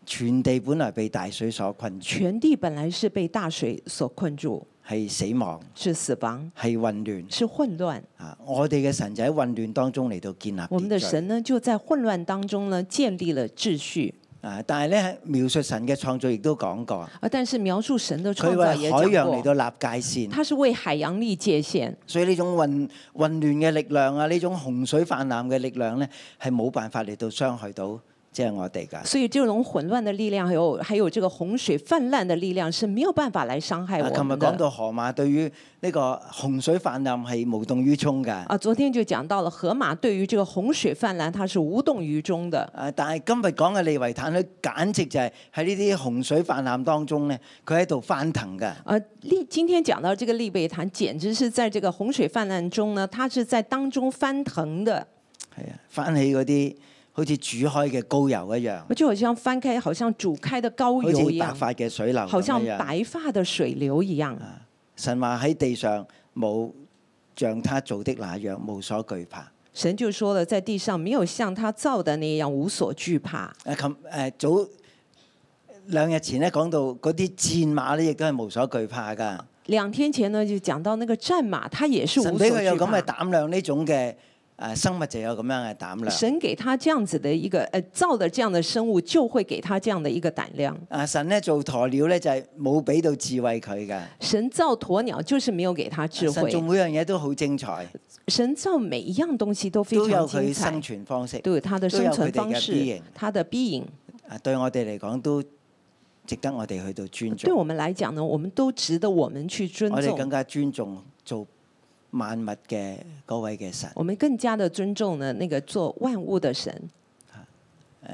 全地本來被大水所困住，全地本來是被大水所困住，係死亡，是死亡，係混亂，是混亂。混亂啊！我哋嘅神就喺混亂當中嚟到建立，立。我們的神呢，就在混亂當中呢，建立了秩序。啊！但係咧，描述神嘅創造亦都講過。啊！但是描述神的創造也講過，海洋嚟到立界線，他是為海洋立界線。界線，所以呢種混混亂嘅力量啊，呢種洪水泛濫嘅力量咧，係冇辦法嚟到傷害到即係我哋㗎，所以這種混亂的力量，還有還有這個洪水泛濫的力量，是沒有辦法來傷害我哋。琴日講到河馬對於呢個洪水泛濫係無動於衷嘅。啊，昨天就講到了河馬對於這個洪水泛濫，它是無動於衷的。啊，但係今日講嘅利維坦咧，簡直就係喺呢啲洪水泛濫當中咧，佢喺度翻騰嘅。啊，利，今天講到這個利維坦，簡直是在這個洪水泛濫中呢，他是在當中翻騰的。係啊，翻起嗰啲。好似煮開嘅高油一樣，就好似翻開，好像煮開的高油一樣，白髮嘅水流，好像白發的水流一樣。一樣啊、神話喺地上冇像他做的那樣無所懼怕。神就說了，在地上沒有像他造的那樣無所懼怕。誒、啊，琴、啊、誒早兩日前咧講到嗰啲戰馬咧，亦都係無所懼怕噶。兩天前呢就講到那個戰馬，它也是無所懼怕。神俾佢有咁嘅膽量呢種嘅。誒、啊、生物就有咁樣嘅膽量。神給他這樣子的一個誒、呃、造的這樣的生物，就會給他這樣的一個膽量。誒、啊、神咧做鴕鳥咧就係冇俾到智慧佢嘅、啊。神造鴕鳥就是沒有給他智慧。做每樣嘢都好精彩。神造每一樣東西都非常精彩。都有佢生存方式。都有它的生存方式。它的 being。對我哋嚟講都值得我哋去到尊重。對我們來講呢，我們都值得我們去尊重。我哋更加尊重做。萬物嘅各位嘅神，我們更加的尊重呢，那個做萬物的，的神。誒，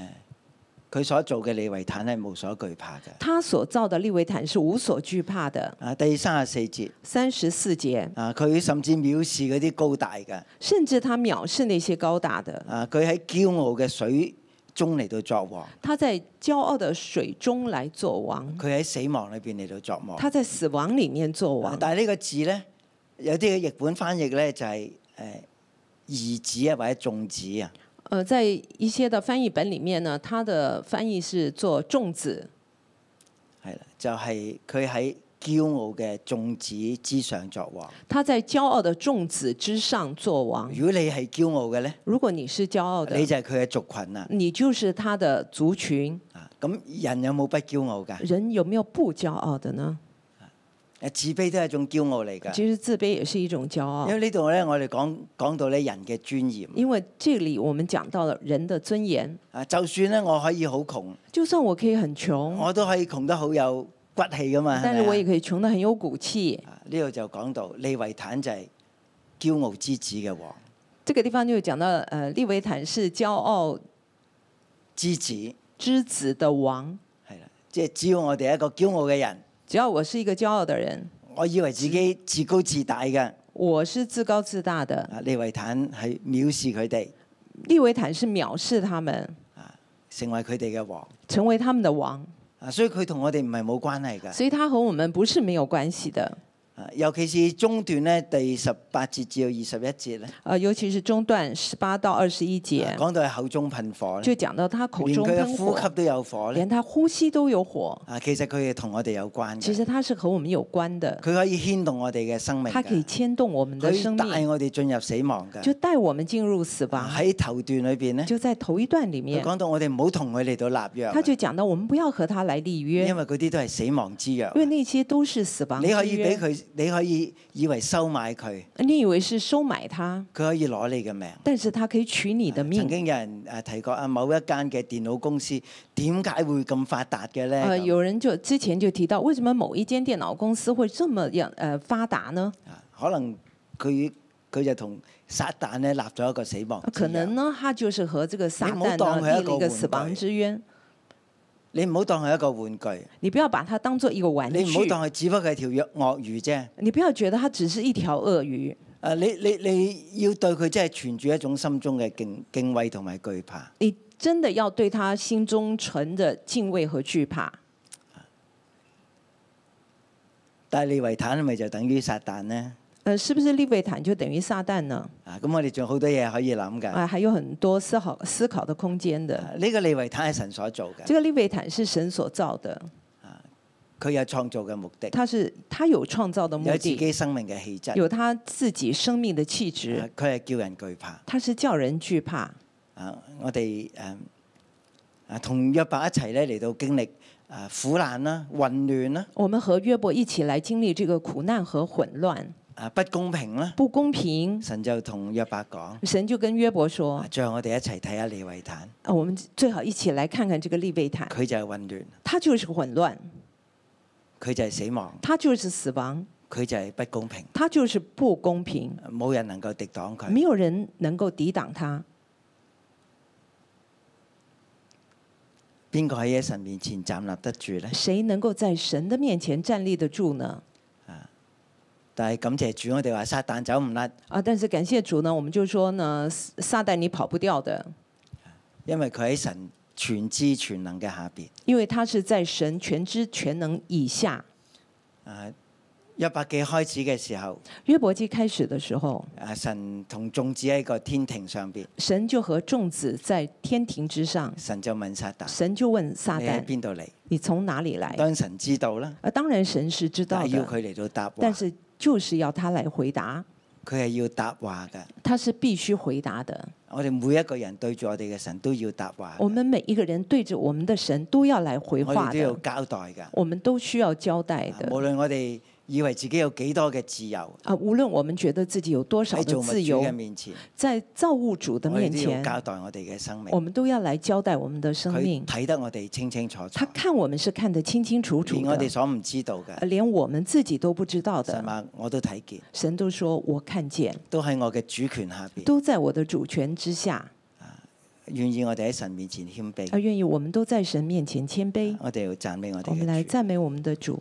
佢所做嘅利維坦係無所懼怕嘅。他所造的利維坦是無所懼怕的。啊，第三十四節。三十四節。啊，佢甚至藐視嗰啲高大嘅。甚至他藐視那些高大的。啊，佢喺驕傲嘅水中嚟到作王。他在驕傲的水中來作王。佢喺死亡裏邊嚟到作王。他在死亡裏面作王。但係呢個字咧？有啲嘅譯本翻譯咧就係誒兒子啊或者眾子啊。誒，在一些嘅翻譯本裡面呢，他的翻譯是做眾子。係啦，就係佢喺驕傲嘅眾子之上作王。他在驕傲的眾子之上作王。如果你係驕傲嘅咧，如果你是驕傲的，你就係佢嘅族群啦。你就是他的族群。族群啊，咁人有冇不驕傲嘅？人有沒有不驕傲的呢？自卑都係一種驕傲嚟㗎。其實自卑也是一種驕傲。因為呢度咧，我哋講講到咧人嘅尊嚴。因為這裡我們講到了人嘅尊嚴。啊，就算咧我可以好窮。就算我可以很窮。我都可以窮得好有骨氣㗎嘛。但是我亦可以窮得很有骨氣。呢度、啊、就講到利維坦就係驕傲之子嘅王。這個地方就講到，誒利維坦是驕傲之子之子,之子的王。係啦，即係只要我哋一個驕傲嘅人。只要我是一個驕傲的人，我以為自己自高自大嘅。我是自高自大的。利維坦係藐視佢哋，利維坦是藐視他們，成為佢哋嘅王，成為他們的王。啊，所以佢同我哋唔係冇關係嘅。所以他和我們不是沒有關係的。尤其是中段咧，第十八節至到二十一節咧。啊、呃，尤其是中段十八到二十一節。講、啊、到係口中噴火咧。就講到他口中噴火。連佢呼吸都有火咧。連他呼吸都有火。啊，其實佢係同我哋有關嘅。其實它是和我們有關嘅。佢可以牽動我哋嘅生，生命。佢可以牽動我們嘅生命。佢帶我哋進入死亡嘅。就帶我們進入死亡。喺、啊、頭段裏邊咧。就在頭一段裡面。佢講到我哋唔好同佢嚟到立約。佢就講到我們不要和他來立約。因為嗰啲都係死亡之約。因為那些都是死亡之約。死亡之約你可以俾佢。你可以以為收買佢，你以為是收買他？佢可以攞你嘅命，但是他可以取你的命。曾經有人誒提過啊，某一間嘅電腦公司點解會咁發達嘅咧？誒、呃、有人就之前就提到，為什麼某一間電腦公司會這麼樣誒發達呢？可能佢佢就同撒旦咧立咗一個死亡，可能呢，他就是和這個撒旦呢立了一個死亡之約。你唔好當佢一個玩具。你不要把它當作一個玩具。你唔好當佢只不過係條鱷鱷魚啫。你不要覺得它只是一條鱷魚。誒，你你你要對佢真係存住一種心中嘅敬敬畏同埋懼怕。你真的要對他心中存着敬畏和懼怕。大利維坦係咪就等於撒旦呢？誒，是不是利維坦就等於撒旦呢？啊，咁我哋仲有好多嘢可以諗嘅。啊，還有很多思考思考的空間的。呢、啊這個利維坦係神所做嘅。呢個利維坦是神所造的。啊，佢有創造嘅目的。它是，它有創造的目的。有自己生命嘅氣質。有他自己生命嘅氣質。佢係叫人懼怕。它是叫人懼怕。啊，我哋誒啊，同約伯一齊咧嚟到經歷啊苦難啦、混亂啦。我們和約伯一起來經歷、啊啊啊、這個苦難和混亂。不公平啦、啊！不公平，神就同約伯講，神就跟約伯說，最後我哋一齊睇下利維坦。」啊，我們最好一起來看看這個利維坦，佢就係混亂，他就是混亂；佢就係死亡，他就是死亡；佢就係不公平，他就是不公平。冇人能夠抵擋佢，沒有人能夠抵擋他。邊個喺神面前站立得住呢？誰能夠在神的面前站立得住呢？但係感謝主，我哋話撒旦走唔甩。啊，但是感謝主呢，我們就說呢，撒旦你跑不掉的，因為佢喺神全知全能嘅下邊。因為他是在神全知全能以下。誒、啊，一百幾開始嘅時候，約伯記開始嘅時候，啊，神同眾子喺個天庭上邊，神就和眾子在天庭之上，神就問撒旦，神就問撒旦邊度嚟？你從哪裡來？裡來，當神知道啦，啊，當然神是知道，但係要佢嚟到答，但是。但是就是要他來回答，佢係要答話嘅，他是必須回答的。我哋每一個人對住我哋嘅神都要答話。我們每一個人對着我們的神都要來回話的。我哋都要交代嘅，我們都需要交代的。無論我哋，以為自己有幾多嘅自由？啊，無論我們覺得自己有多少嘅自由，在造物主嘅面前，在造物主的面前交代我哋嘅生命，我們都要來交代我們的生命。睇得我哋清清楚楚，他看我們是看得清清楚楚，連我哋所唔知道嘅，連我們自己都不知道的，我都睇見。神都說我看見，都喺我嘅主權下邊，都在我的主權之下。啊，願意我哋喺神面前謙卑，啊，願意我們都在神面前謙卑。啊，我哋要讚美我哋，我們來讚美我們的主。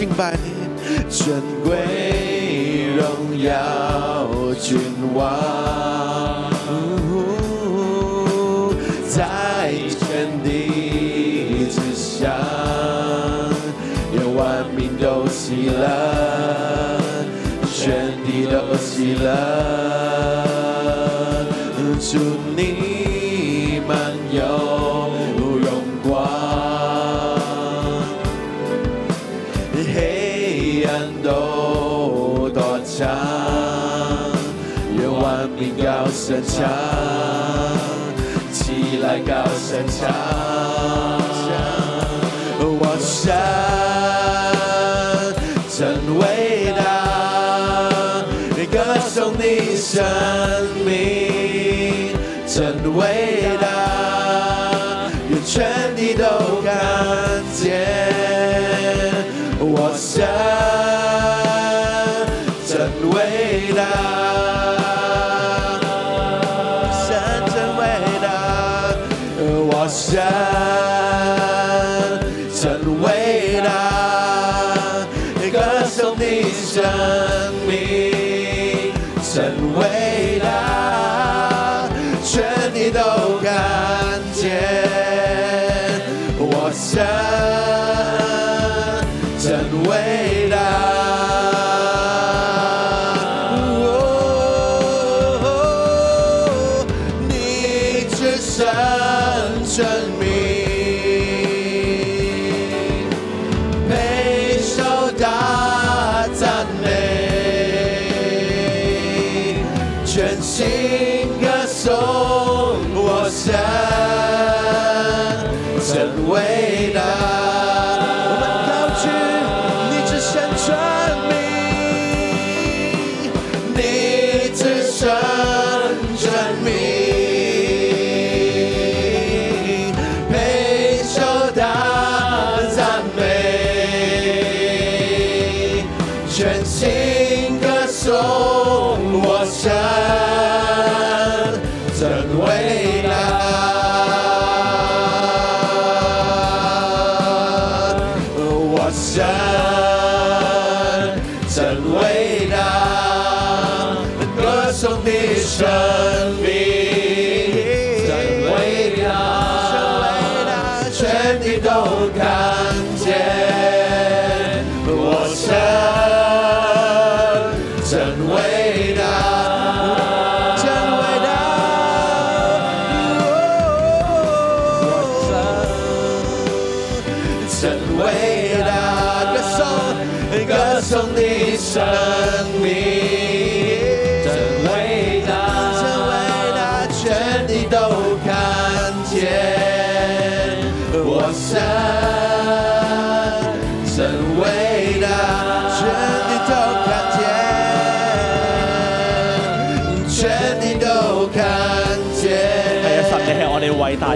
敬拜你、尊貴、榮耀、君王，哦哦、在全地之下，連萬民都熄了，全地都熄了，祝你。唱，願萬民高聲唱，齊來高聲唱。我想真偉大，歌頌你生命，真偉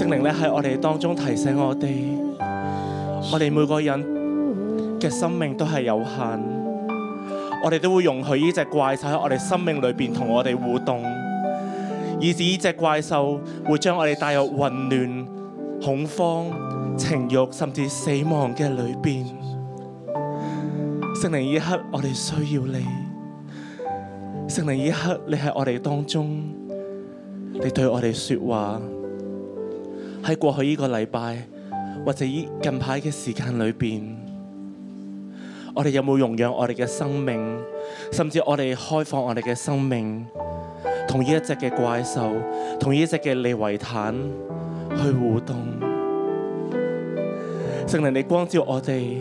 聖靈你喺我哋當中提醒我哋，我哋每個人嘅生命都係有限，我哋都會容許呢隻怪獸喺我哋生命裏邊同我哋互動，以至呢隻怪獸會將我哋帶入混亂、恐慌、情欲甚至死亡嘅裏邊。聖靈，一刻我哋需要你，聖靈，一刻你喺我哋當中，你對我哋說話。喺過去呢個禮拜或者近排嘅時間裏面，我哋有冇容養我哋嘅生命，甚至我哋開放我哋嘅生命，同呢一隻嘅怪獸，同呢一隻嘅利維坦去互動？聖靈你光照我哋，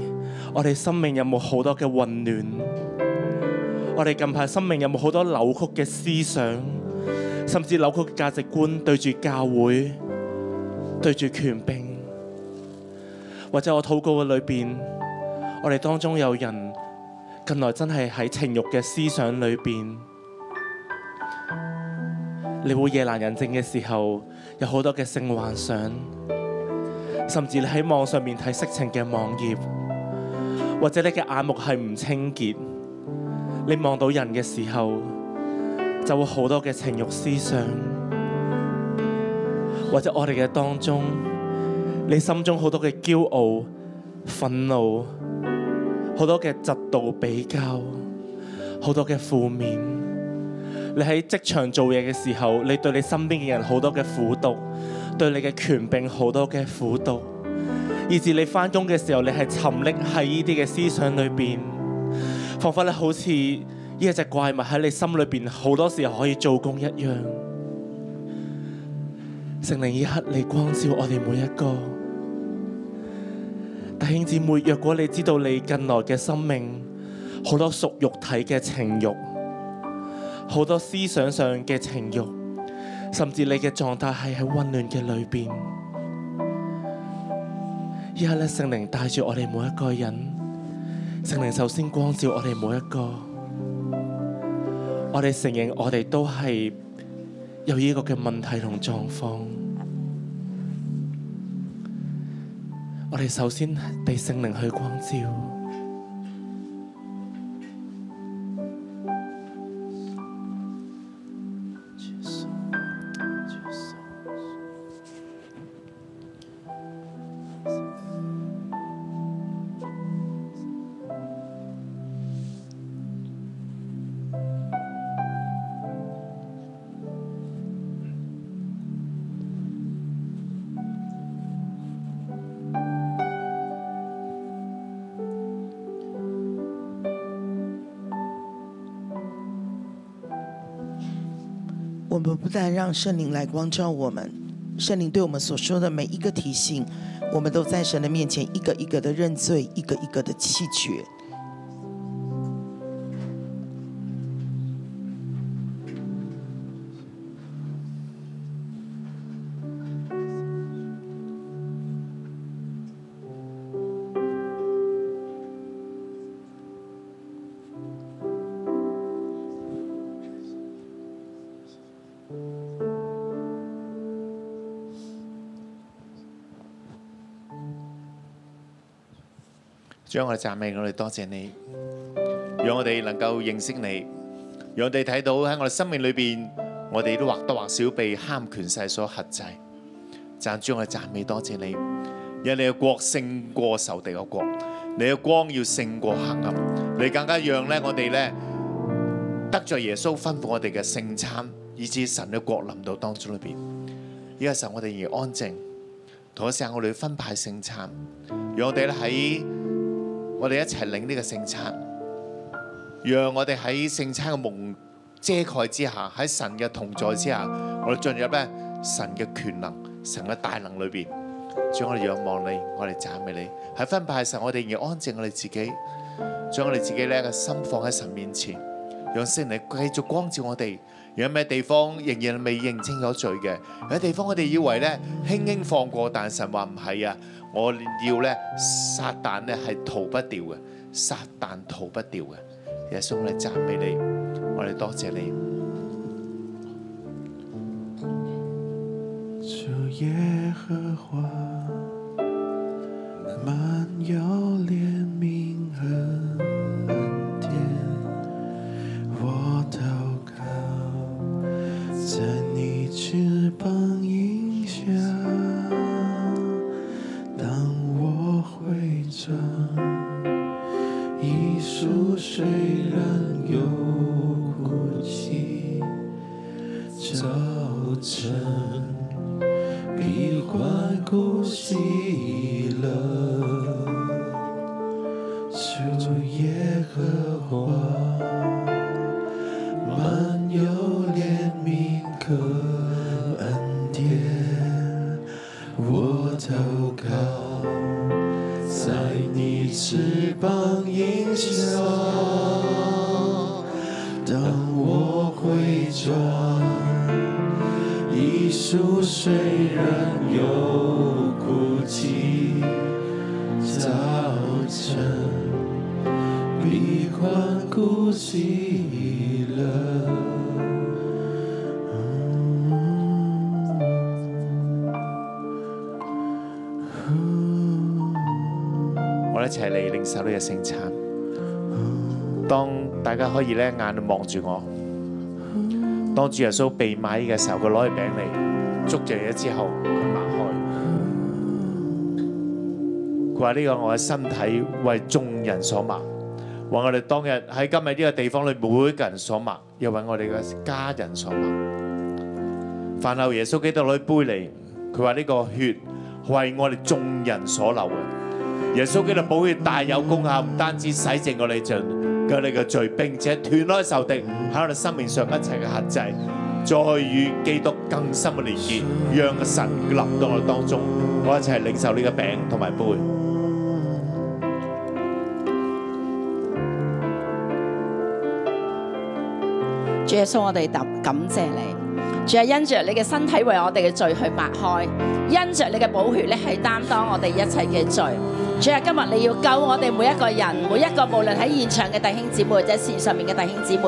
我哋生命有冇好多嘅混亂？我哋近排生命有冇好多扭曲嘅思想，甚至扭曲嘅價值觀對住教會？對住權柄，或者我禱告嘅裏面，我哋當中有人近來真係喺情慾嘅思想裏面。你會夜闌人靜嘅時候，有好多嘅性幻想，甚至你喺網上面睇色情嘅網頁，或者你嘅眼目係唔清潔，你望到人嘅時候就會好多嘅情慾思想。或者我哋嘅當中，你心中好多嘅驕傲、憤怒，好多嘅嫉妒、比較，好多嘅負面。你喺職場做嘢嘅時候，你對你身邊嘅人好多嘅苦毒，對你嘅權柄好多嘅苦毒，以至你翻工嘅時候，你係沉溺喺呢啲嘅思想裏邊，彷彿你好似一隻怪物喺你心裏邊，好多時候可以做工一樣。聖靈以黑你光照我哋每一個弟兄姊妹，若果你知道你近來嘅生命，好多屬肉體嘅情慾，好多思想上嘅情慾，甚至你嘅狀態係喺混亂嘅裏邊，而家咧聖靈帶住我哋每一個人，聖靈首先光照我哋每一個，我哋承認我哋都係。有呢個嘅問題同狀況，我哋首先被聖靈去光照。我們不但讓聖靈來光照我們，聖靈對我們所說的每一個提醒，我們都在神的面前一個一個的認罪，一個一個的棄絕。讓我哋讚美我哋多謝你，讓我哋能夠認識你，讓我哋睇到喺我哋生命裏邊，我哋都或多或少被黑暗權勢所轄制。神將我讚美多謝你，因為你嘅國勝過仇敵嘅國，你嘅光要勝過黑暗，你更加讓咧我哋咧得着耶穌吩咐我哋嘅聖餐，以致神嘅國臨到當中裏邊。呢個時候我哋而安靜，同個時候我哋要分派聖餐，讓我哋咧喺。我哋一齊領呢個聖餐，讓我哋喺聖餐嘅蒙遮蓋之下，喺神嘅同在之下，我哋進入咩神嘅權能、神嘅大能裏邊。將我哋仰望你，我哋讚美你。喺分派嘅時候，我哋而安靜我哋自己，將我哋自己咧嘅心放喺神面前，讓聖靈繼續光照我哋。有咩地方仍然未認清咗罪嘅？有啲地方我哋以為咧輕輕放過，但係神話唔係啊！我要咧撒旦咧係逃不掉嘅，撒旦逃不掉嘅，耶穌我哋讚美你，我哋多謝你。聖餐，當大家可以咧眼望住我，當主耶穌被賣嘅時候，佢攞起餅嚟，祝謝之後，佢擘開，佢話呢個我嘅身體為眾人所擘，為我哋當日喺今日呢個地方裏每一個人所擘，又為我哋嘅家人所擘。飯後耶穌基督攞起杯嚟，佢話呢個血為我哋眾人所流。耶穌基督寶血大有功效，唔單止洗淨我哋就嘅呢嘅罪，並且斷開受定喺我哋生命上一切嘅克制，再與基督更深嘅連結，讓神立在我哋當中，我一齊領受呢個餅同埋杯。主耶穌，我哋答感謝你。主啊，因着你嘅身體為我哋嘅罪去擘開，因着你嘅寶血咧係擔當我哋一切嘅罪。主啊，今日你要救我哋每一個人，每一個無論喺現場嘅弟兄姊妹或者線上面嘅弟兄姊妹，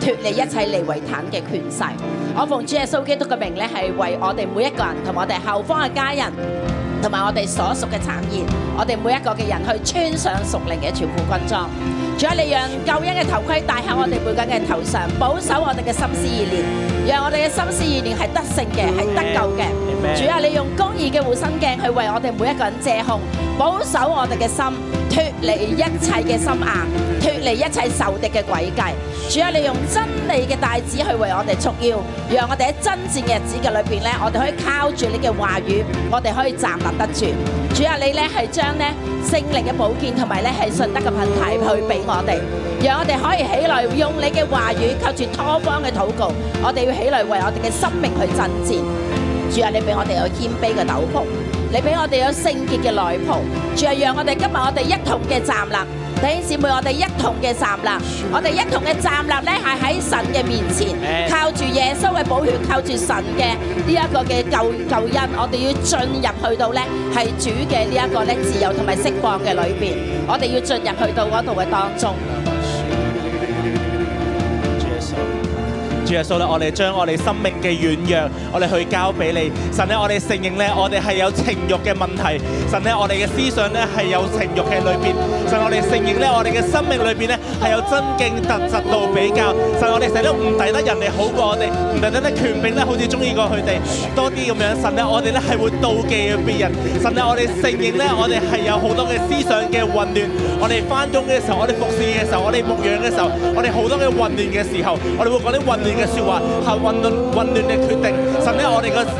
脫離一切利維坦嘅權勢。我奉主耶穌基督嘅名咧，係為我哋每一個人同我哋後方嘅家人，同埋我哋所屬嘅產業，我哋每一個嘅人去穿上屬靈嘅全副軍裝。主啊，你讓救恩嘅頭盔戴喺我哋每個人嘅頭上，保守我哋嘅心思意念。讓我哋嘅心思意念係得勝嘅，係得救嘅。主要你用公義嘅護心鏡去為我哋每一個人遮擋，保守我哋嘅心。脫離一切嘅心暗，脫離一切受敵嘅詭計。主啊，你用真理嘅帶子去為我哋束腰，讓我哋喺征戰日子嘅裏面呢，我哋可以靠住你嘅話語，我哋可以站立得住。主啊，你呢係將咧聖靈嘅寶劍同埋呢係信德嘅盾牌去俾我哋，讓我哋可以起來用你嘅話語靠住多方嘅禱告，我哋要起來為我哋嘅生命去征戰。主啊，你俾我哋有謙卑嘅斗篷。你俾我哋有聖潔嘅內袍，仲係讓我哋今日我哋一同嘅站立，弟兄姊妹我哋一同嘅站立，我哋一同嘅站立呢係喺神嘅面前，靠住耶穌嘅寶血，靠住神嘅呢一個嘅救恩，我哋要進入去到呢係主嘅呢一個咧自由同埋釋放嘅裏面。我哋要進入去到嗰度嘅當中。主耶穌我哋將我哋生命嘅軟弱，我哋去交俾你。神咧，我哋承認咧，我哋係有情欲嘅問題，神咧，我哋嘅思想咧係有情欲嘅裏邊。神，我哋承認咧，我哋嘅生命裏邊咧。係有真敬特質度比較，就係我哋成日都唔抵得人哋好過我哋，唔抵得咧權柄咧好似中意過佢哋多啲咁樣。神咧，我哋咧係會妒忌嘅別人。神咧，我哋承認咧，我哋係有好多嘅思想嘅混亂。我哋翻工嘅時候，我哋服侍嘅時候，我哋牧養嘅時候，我哋好多嘅混亂嘅時候，我哋會講啲混亂嘅説話，係混亂、混亂嘅決定。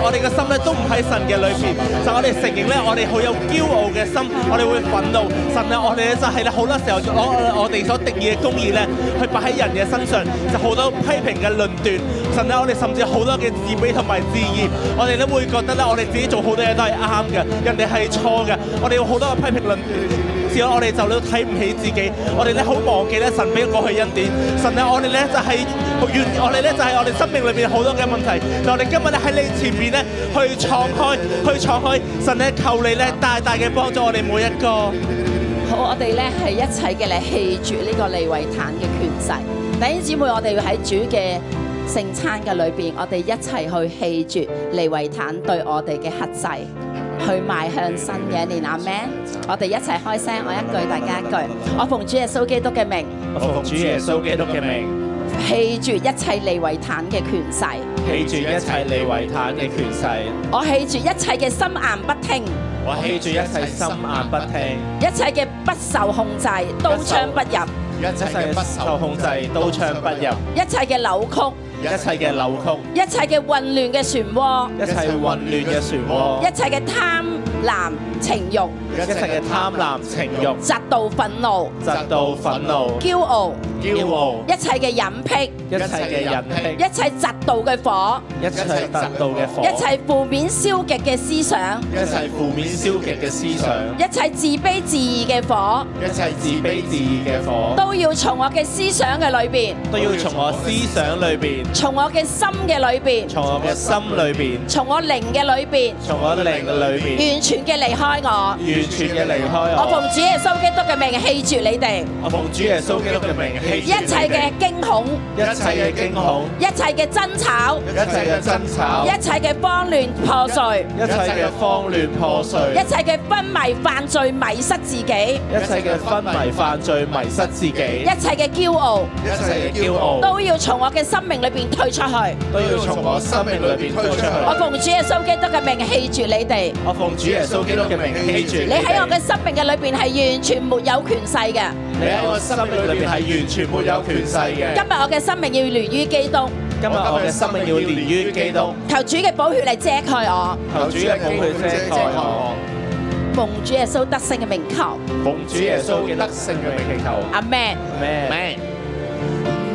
我哋嘅心咧都唔喺神嘅裏邊，就我哋承認咧，我哋好有驕傲嘅心，我哋會憤怒。神啊，我哋就係咧好多時候，攞我哋所定義嘅公義咧，去擺喺人嘅身上，就好多批評嘅論斷。神啊，我哋甚至好多嘅自卑同埋自義，我哋都會覺得咧，我哋自己做好多嘢都係啱嘅，人哋係錯嘅，我哋有好多嘅批評論斷。如果我哋就都睇唔起自己，我哋咧好忘記咧神俾咗過去恩典，神啊，我哋咧就係願，我哋咧就係、是、我哋、就是、生命裏邊好多嘅問題，我哋今日咧喺你前面咧去敞開，去敞開，神咧求你咧大大嘅幫助我哋每一個，好，我哋咧係一齊嘅嚟棄絕呢個利維坦嘅權勢，弟兄姊妹，我哋要喺主嘅聖餐嘅裏邊，我哋一齊去棄絕利維坦對我哋嘅克制。去邁向新嘅一年，阿們！我哋一齊開聲，我一句，大家一句。我奉主耶穌基督嘅名，我奉主耶穌基督嘅名，棄住一切利維坦嘅權勢，棄住一切利維坦嘅權勢。我棄住一切嘅心硬不聽，我棄住一切心硬不聽。一切嘅不受控制，刀槍不入。一切嘅不受控制，刀槍不入。一切嘅扭曲，一切嘅扭曲，一切嘅混亂嘅漩渦，一切混亂嘅漩渦，一切嘅貪婪情欲，一切嘅貪婪情慾，嫉妒憤怒，嫉妒憤怒，驕傲，驕傲，一切嘅隱僻，一切嘅隱僻，一切嫉妒嘅火，一切嫉妒嘅火，一切負面消極嘅思想，一切負面消極嘅思想，一切自卑自義嘅火，一切自卑自義嘅火，都要從我嘅思想嘅裏邊，都要從我思想裏邊。從我嘅心嘅裏邊，從我嘅心裏邊，從我靈嘅裏邊，從我靈嘅裏邊，完全嘅離開我，完全嘅離開我，我奉主耶穌基督嘅名棄絕你哋，我奉主耶穌基督嘅名棄絕你哋，一切嘅驚恐，一切嘅驚恐，一切嘅爭吵，一切嘅爭吵，一切嘅慌亂破碎，一切嘅慌亂破碎，一切嘅昏迷犯罪迷失自己，一切嘅昏迷犯罪迷失自己，一切嘅驕傲，一切嘅驕傲，都要從我嘅生命裏邊。推出去，都要從我生命裏邊推出去。我奉主耶穌基督嘅名棄絕你哋。我奉主耶穌基督嘅名棄絕你。你喺我嘅生命嘅裏邊係完全沒有權勢嘅。你喺我生命裏邊係完全沒有權勢嘅。今日我嘅生命要連於基督。今日我嘅生命要連於基督。求主嘅寶血嚟遮蓋我。求主嘅寶血遮蓋我。奉主耶穌得勝嘅名求。奉主耶穌嘅得勝嘅名求。阿們。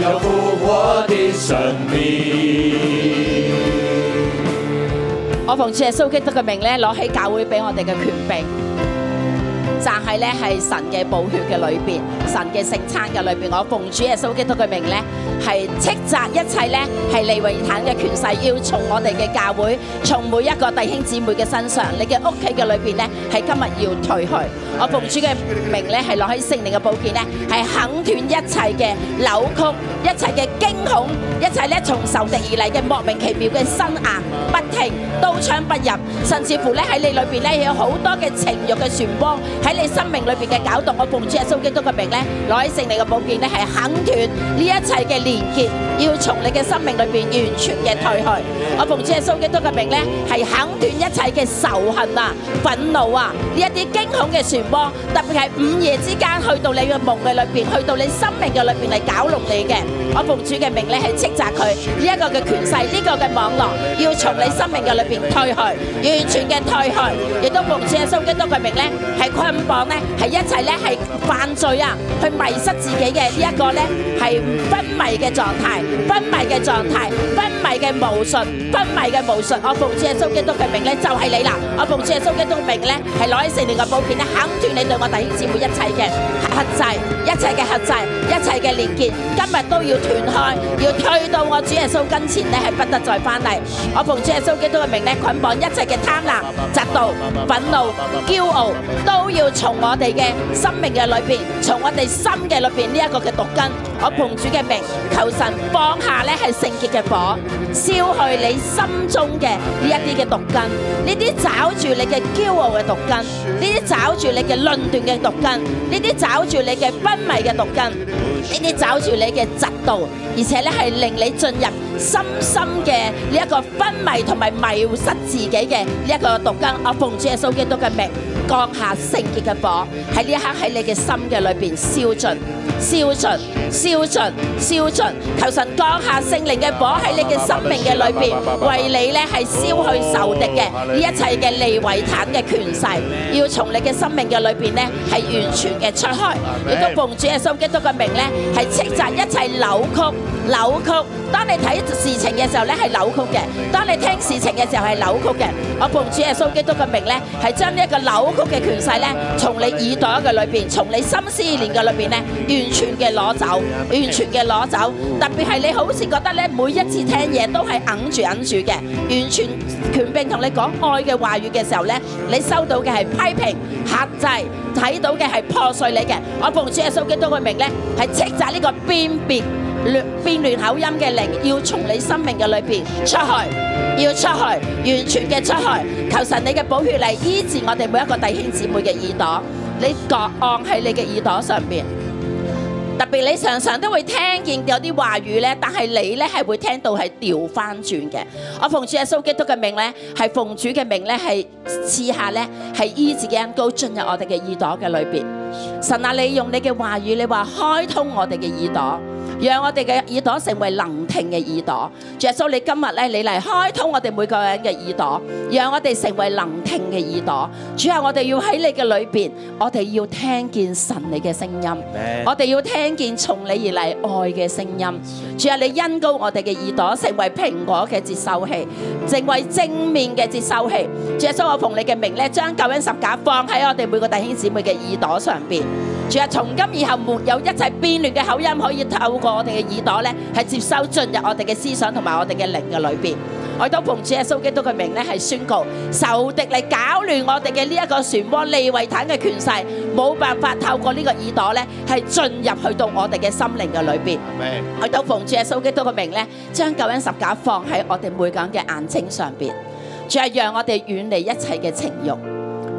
有我奉耶穌基督的名，拿起教會給我哋嘅權柄。但係咧，係神嘅寶血嘅裏邊，神嘅聖餐嘅裏邊，我奉主耶穌基督嘅名咧，係斥責一切咧，係利維坦嘅權勢，要從我哋嘅教會，從每一個弟兄姊妹嘅身上，你嘅屋企嘅裏邊咧，係今日要退去。我奉主嘅名咧，係攞起聖靈嘅寶劍咧，係砍斷一切嘅扭曲，一切嘅驚恐，一切咧從仇敵而嚟嘅莫名其妙嘅兇硬，不停刀槍不入，甚至乎咧喺你裏邊咧，有好多嘅情慾嘅漩渦。喺你生命裏邊嘅攪動，我奉主耶穌基督嘅名咧，攞起聖靈嘅寶劍咧，係砍斷呢一切嘅連結，要從你嘅生命裏邊完全嘅退去。我奉主耶穌基督嘅名咧，係砍斷一切嘅仇恨啊、憤怒啊呢一啲驚恐嘅漩渦，特別係午夜之間去到你嘅夢嘅裏邊，去到你生命嘅裏邊嚟攪弄你嘅。我奉主嘅名，你係斥責佢呢一個嘅權勢、呢個嘅網絡，要從你生命嘅裏邊退去，完全嘅退去，亦都奉主耶穌基督嘅名咧，係困。捆綁咧係一切咧係犯罪啊！去迷失自己嘅呢一個咧係昏迷嘅狀態，昏迷嘅狀態，昏迷嘅巫術，昏迷嘅巫術。我奉主耶穌基督嘅名咧就係你啦！我奉主耶穌基督嘅名咧係攞起四年嘅寶劍咧砍斷你對我弟兄姊妹一切嘅剋制，一切嘅剋制，一切嘅連結，今日都要斷開，要退到我主耶穌跟前咧係不得再翻嚟。我奉主耶穌基督嘅名咧捆綁一切嘅貪婪、嫉妒、憤怒、驕傲，都要。從我哋嘅生命嘅裏邊，從我哋心嘅裏邊呢一個嘅毒根，我奉主嘅名，求神放下咧係聖潔嘅火，燒去你心中嘅呢一啲嘅毒根，呢啲找住你嘅驕傲嘅毒根，呢啲找住你嘅論斷嘅毒根，呢啲找住你嘅昏迷嘅毒根，呢啲找住你嘅嫉妒，而且咧係令你進入。深深嘅呢一個昏迷同埋迷失自己嘅呢一個毒根，我奉主耶穌基督嘅名降下聖潔嘅火，喺呢一刻喺你嘅心嘅裏邊燒盡、燒盡、燒盡、燒盡，求神降下聖靈嘅火喺你嘅生命嘅裏邊，為你咧係燒去仇敵嘅呢一切嘅利維坦嘅權勢，要從你嘅生命嘅裏邊咧係完全嘅出開，亦都奉主耶穌基督嘅名咧係斥責一切扭曲、扭曲。當你睇。事情嘅時候呢係扭曲嘅，當你聽事情嘅時候係扭曲嘅，我奉主耶穌基督嘅名呢，係將呢一個扭曲嘅權勢呢，從你耳朵嘅裏邊，從你心思念嘅裏邊呢，完全嘅攞走，完全嘅攞走。特別係你好似覺得呢，每一次聽嘢都係忍住忍住嘅，完全權柄同你講愛嘅話語嘅時候呢，你收到嘅係批評、限制，睇到嘅係破碎你嘅。我奉主耶穌基督嘅名呢，係斥責呢個辨別。變亂口音嘅靈要從你生命嘅裏邊出去，要出去，完全嘅出去。求神你嘅寶血嚟醫治我哋每一個弟兄姊妹嘅耳朵，你各按喺你嘅耳朵上邊。特別你常常都會聽見有啲話語咧，但係你咧係會聽到係調翻轉嘅。我奉主耶穌基督嘅名咧，係奉主嘅名咧，係賜下咧係醫治嘅恩膏進入我哋嘅耳朵嘅裏邊。神啊，你用你嘅話語，你話開通我哋嘅耳朵。讓我哋嘅耳朵成為能聽嘅耳朵，主耶穌你今日咧，你嚟開通我哋每個人嘅耳朵，讓我哋成為能聽嘅耳朵。主啊，我哋要喺你嘅裏邊，我哋要聽見神你嘅聲音，我哋要聽見從你而嚟愛嘅聲音。主啊，你恩膏我哋嘅耳朵成為蘋果嘅接收器，成為正面嘅接收器。主啊，我奉你嘅名咧，將救恩十架放喺我哋每個弟兄姊妹嘅耳朵上邊。主啊，從今以後沒有一切變亂嘅口音可以透。過我哋嘅耳朵咧，係接收進入我哋嘅思想同埋我哋嘅靈嘅裏邊。我都奉主耶穌基督嘅名咧，係宣告仇敵嚟搞亂我哋嘅呢一個漩渦利維坦嘅權勢，冇辦法透過呢個耳朵咧，係進入去到我哋嘅心靈嘅裏邊。我都奉主耶穌基督嘅名咧，將救恩十架放喺我哋每個人嘅眼睛上邊，再讓我哋遠離一切嘅情慾，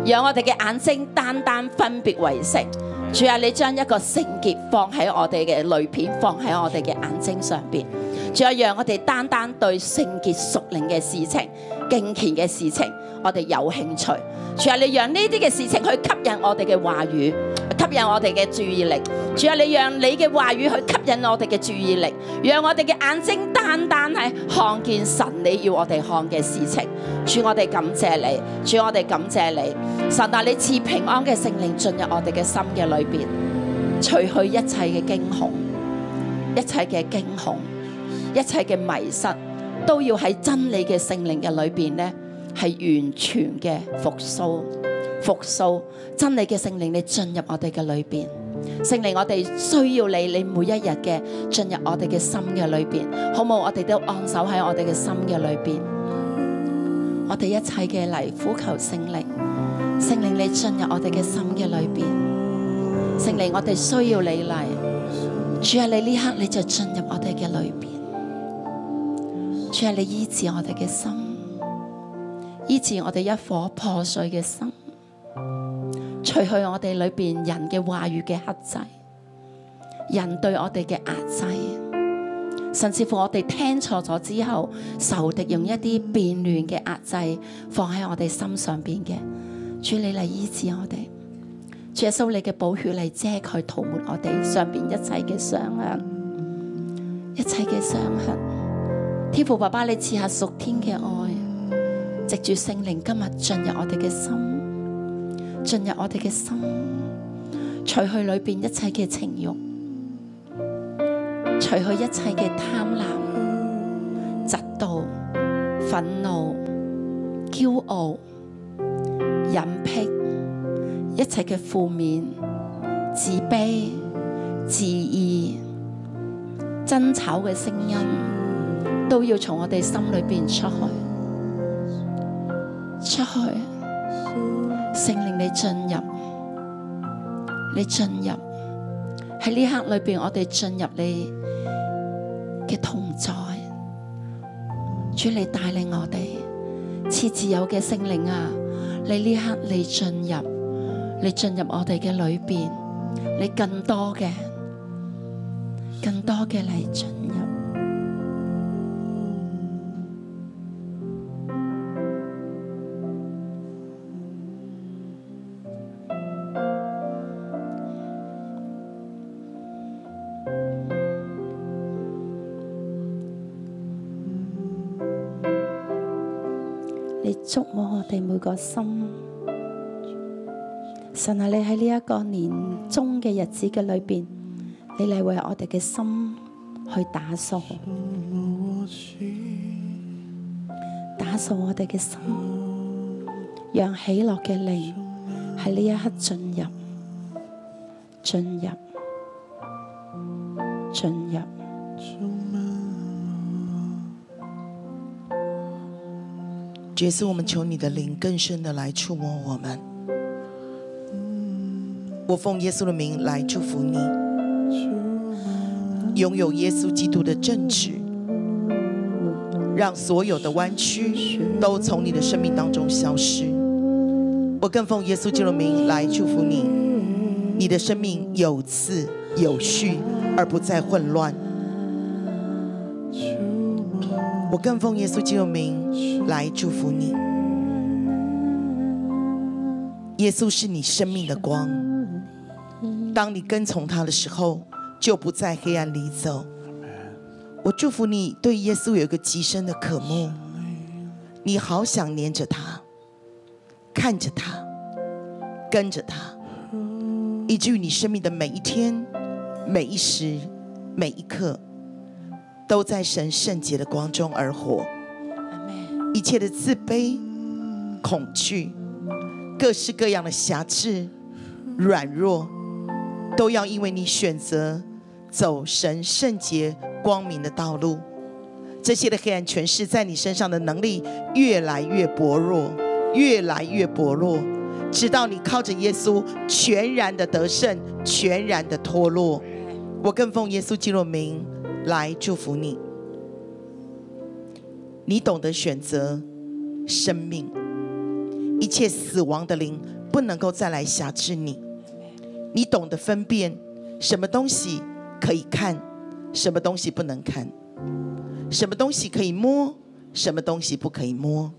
讓我哋嘅眼睛單單分別為聖。主啊，你將一個聖潔放喺我哋嘅淚片，放喺我哋嘅眼睛上面。主要，讓我哋單單對聖潔屬靈嘅事情、敬虔嘅事情，我哋有興趣。主要你讓呢啲嘅事情去吸引我哋嘅話語，吸引我哋嘅注意力。主要你讓你嘅話語去吸引我哋嘅注意力，讓我哋嘅眼睛單單係看見神你要我哋看嘅事情。主我哋感謝你，主我哋感謝你，神啊，你賜平安嘅聖靈進入我哋嘅心嘅裏邊，除去一切嘅驚恐，一切嘅驚恐。一切嘅迷失都要喺真理嘅聖靈嘅裏邊咧，係完全嘅復蘇，復蘇真理嘅聖靈，你進入我哋嘅裏邊，聖靈我哋需要你，你每一日嘅進入我哋嘅心嘅裏邊，好唔好，我哋都安守喺我哋嘅心嘅裏邊，我哋一切嘅嚟，呼求聖靈，聖靈你進入我哋嘅心嘅裏邊，聖靈我哋需要你嚟，主啊，你呢刻你就進入我哋嘅裏邊。主係你醫治我哋嘅心，醫治我哋一顆破碎嘅心，除去我哋裏邊人嘅話語嘅剋制，人對我哋嘅壓制，甚至乎我哋聽錯咗之後，仇敵用一啲變亂嘅壓制放喺我哋心上邊嘅，主你嚟醫治我哋，主，接受你嘅寶血嚟遮蓋塗抹我哋上邊一切嘅傷痕，一切嘅傷痕。天父爸爸，你賜下屬天嘅愛，藉住聖靈今日進入我哋嘅心，進入我哋嘅心，除去裏邊一切嘅情欲，除去一切嘅貪婪、嫉妒、憤怒、驕傲、隱僻，一切嘅負面、自卑、自義、爭吵嘅聲音。都要從我哋心裏邊出去，出去，聖靈你進入，你進入喺呢刻裏邊，我哋進入你嘅同在，主你帶領我哋，賜自由嘅聖靈啊！你呢刻你進入，你進入我哋嘅裏邊，你更多嘅，更多嘅嚟進入。個心，神啊！你喺呢一個年終嘅日子嘅裏邊，你嚟為我哋嘅心去打掃，打掃我哋嘅心，讓喜樂嘅靈喺呢一刻進入，進入，進入。主啊，我們求你的靈更深的來觸摸我們。我奉耶穌的名來祝福你，擁有耶穌基督的正直，讓所有的彎曲都從你的生命當中消失。我更奉耶穌基督的名來祝福你，你的生命有次有序，而不再混亂。我更奉耶穌基督名來祝福你。耶穌是你生命的光，當你跟從他的時候，就不在黑暗裏走。我祝福你對耶穌有個極深的渴慕，你好想念着他，看着他，跟着他，以至於你生命的每一天、每一時、每一刻。都在神聖潔的光中而活，一切的自卑、恐懼、各式各樣的瑕疵、軟弱，都要因為你選擇走神聖潔光明的道路，這些的黑暗權勢在你身上的能力越來越薄弱，越來越薄弱，直到你靠着耶穌全然的得勝，全然的脫落。我更奉耶穌基督名。來祝福你，你懂得選擇生命，一切死亡的靈不能夠再來轄制你。你懂得分辨什麼東西可以看，什麼東西不能看，什麼東西可以摸，什麼東西不可以摸。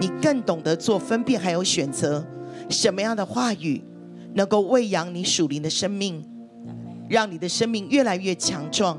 你更懂得做分辨，還有選擇什麼樣的話語能夠餵養你屬靈的生命，讓你的生命越來越強壯。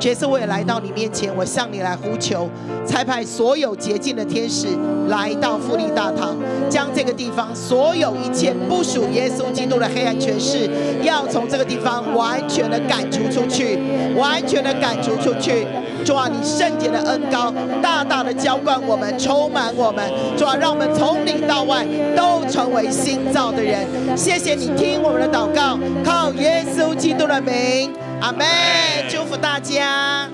耶穌，我也來到你面前，我向你來呼求，差派所有潔淨的天使來到富麗大堂，將這個地方所有一切不屬耶穌基督的黑暗權勢，要從這個地方完全的趕逐出，出去，完全的趕逐出，出去。主啊，你聖潔的恩膏，大大的澆灌我們，充滿我們。主啊，讓我們從裏到外都成為新造的人。謝謝你，聽我們的禱告，靠耶穌基督的名。阿們，祝福大家。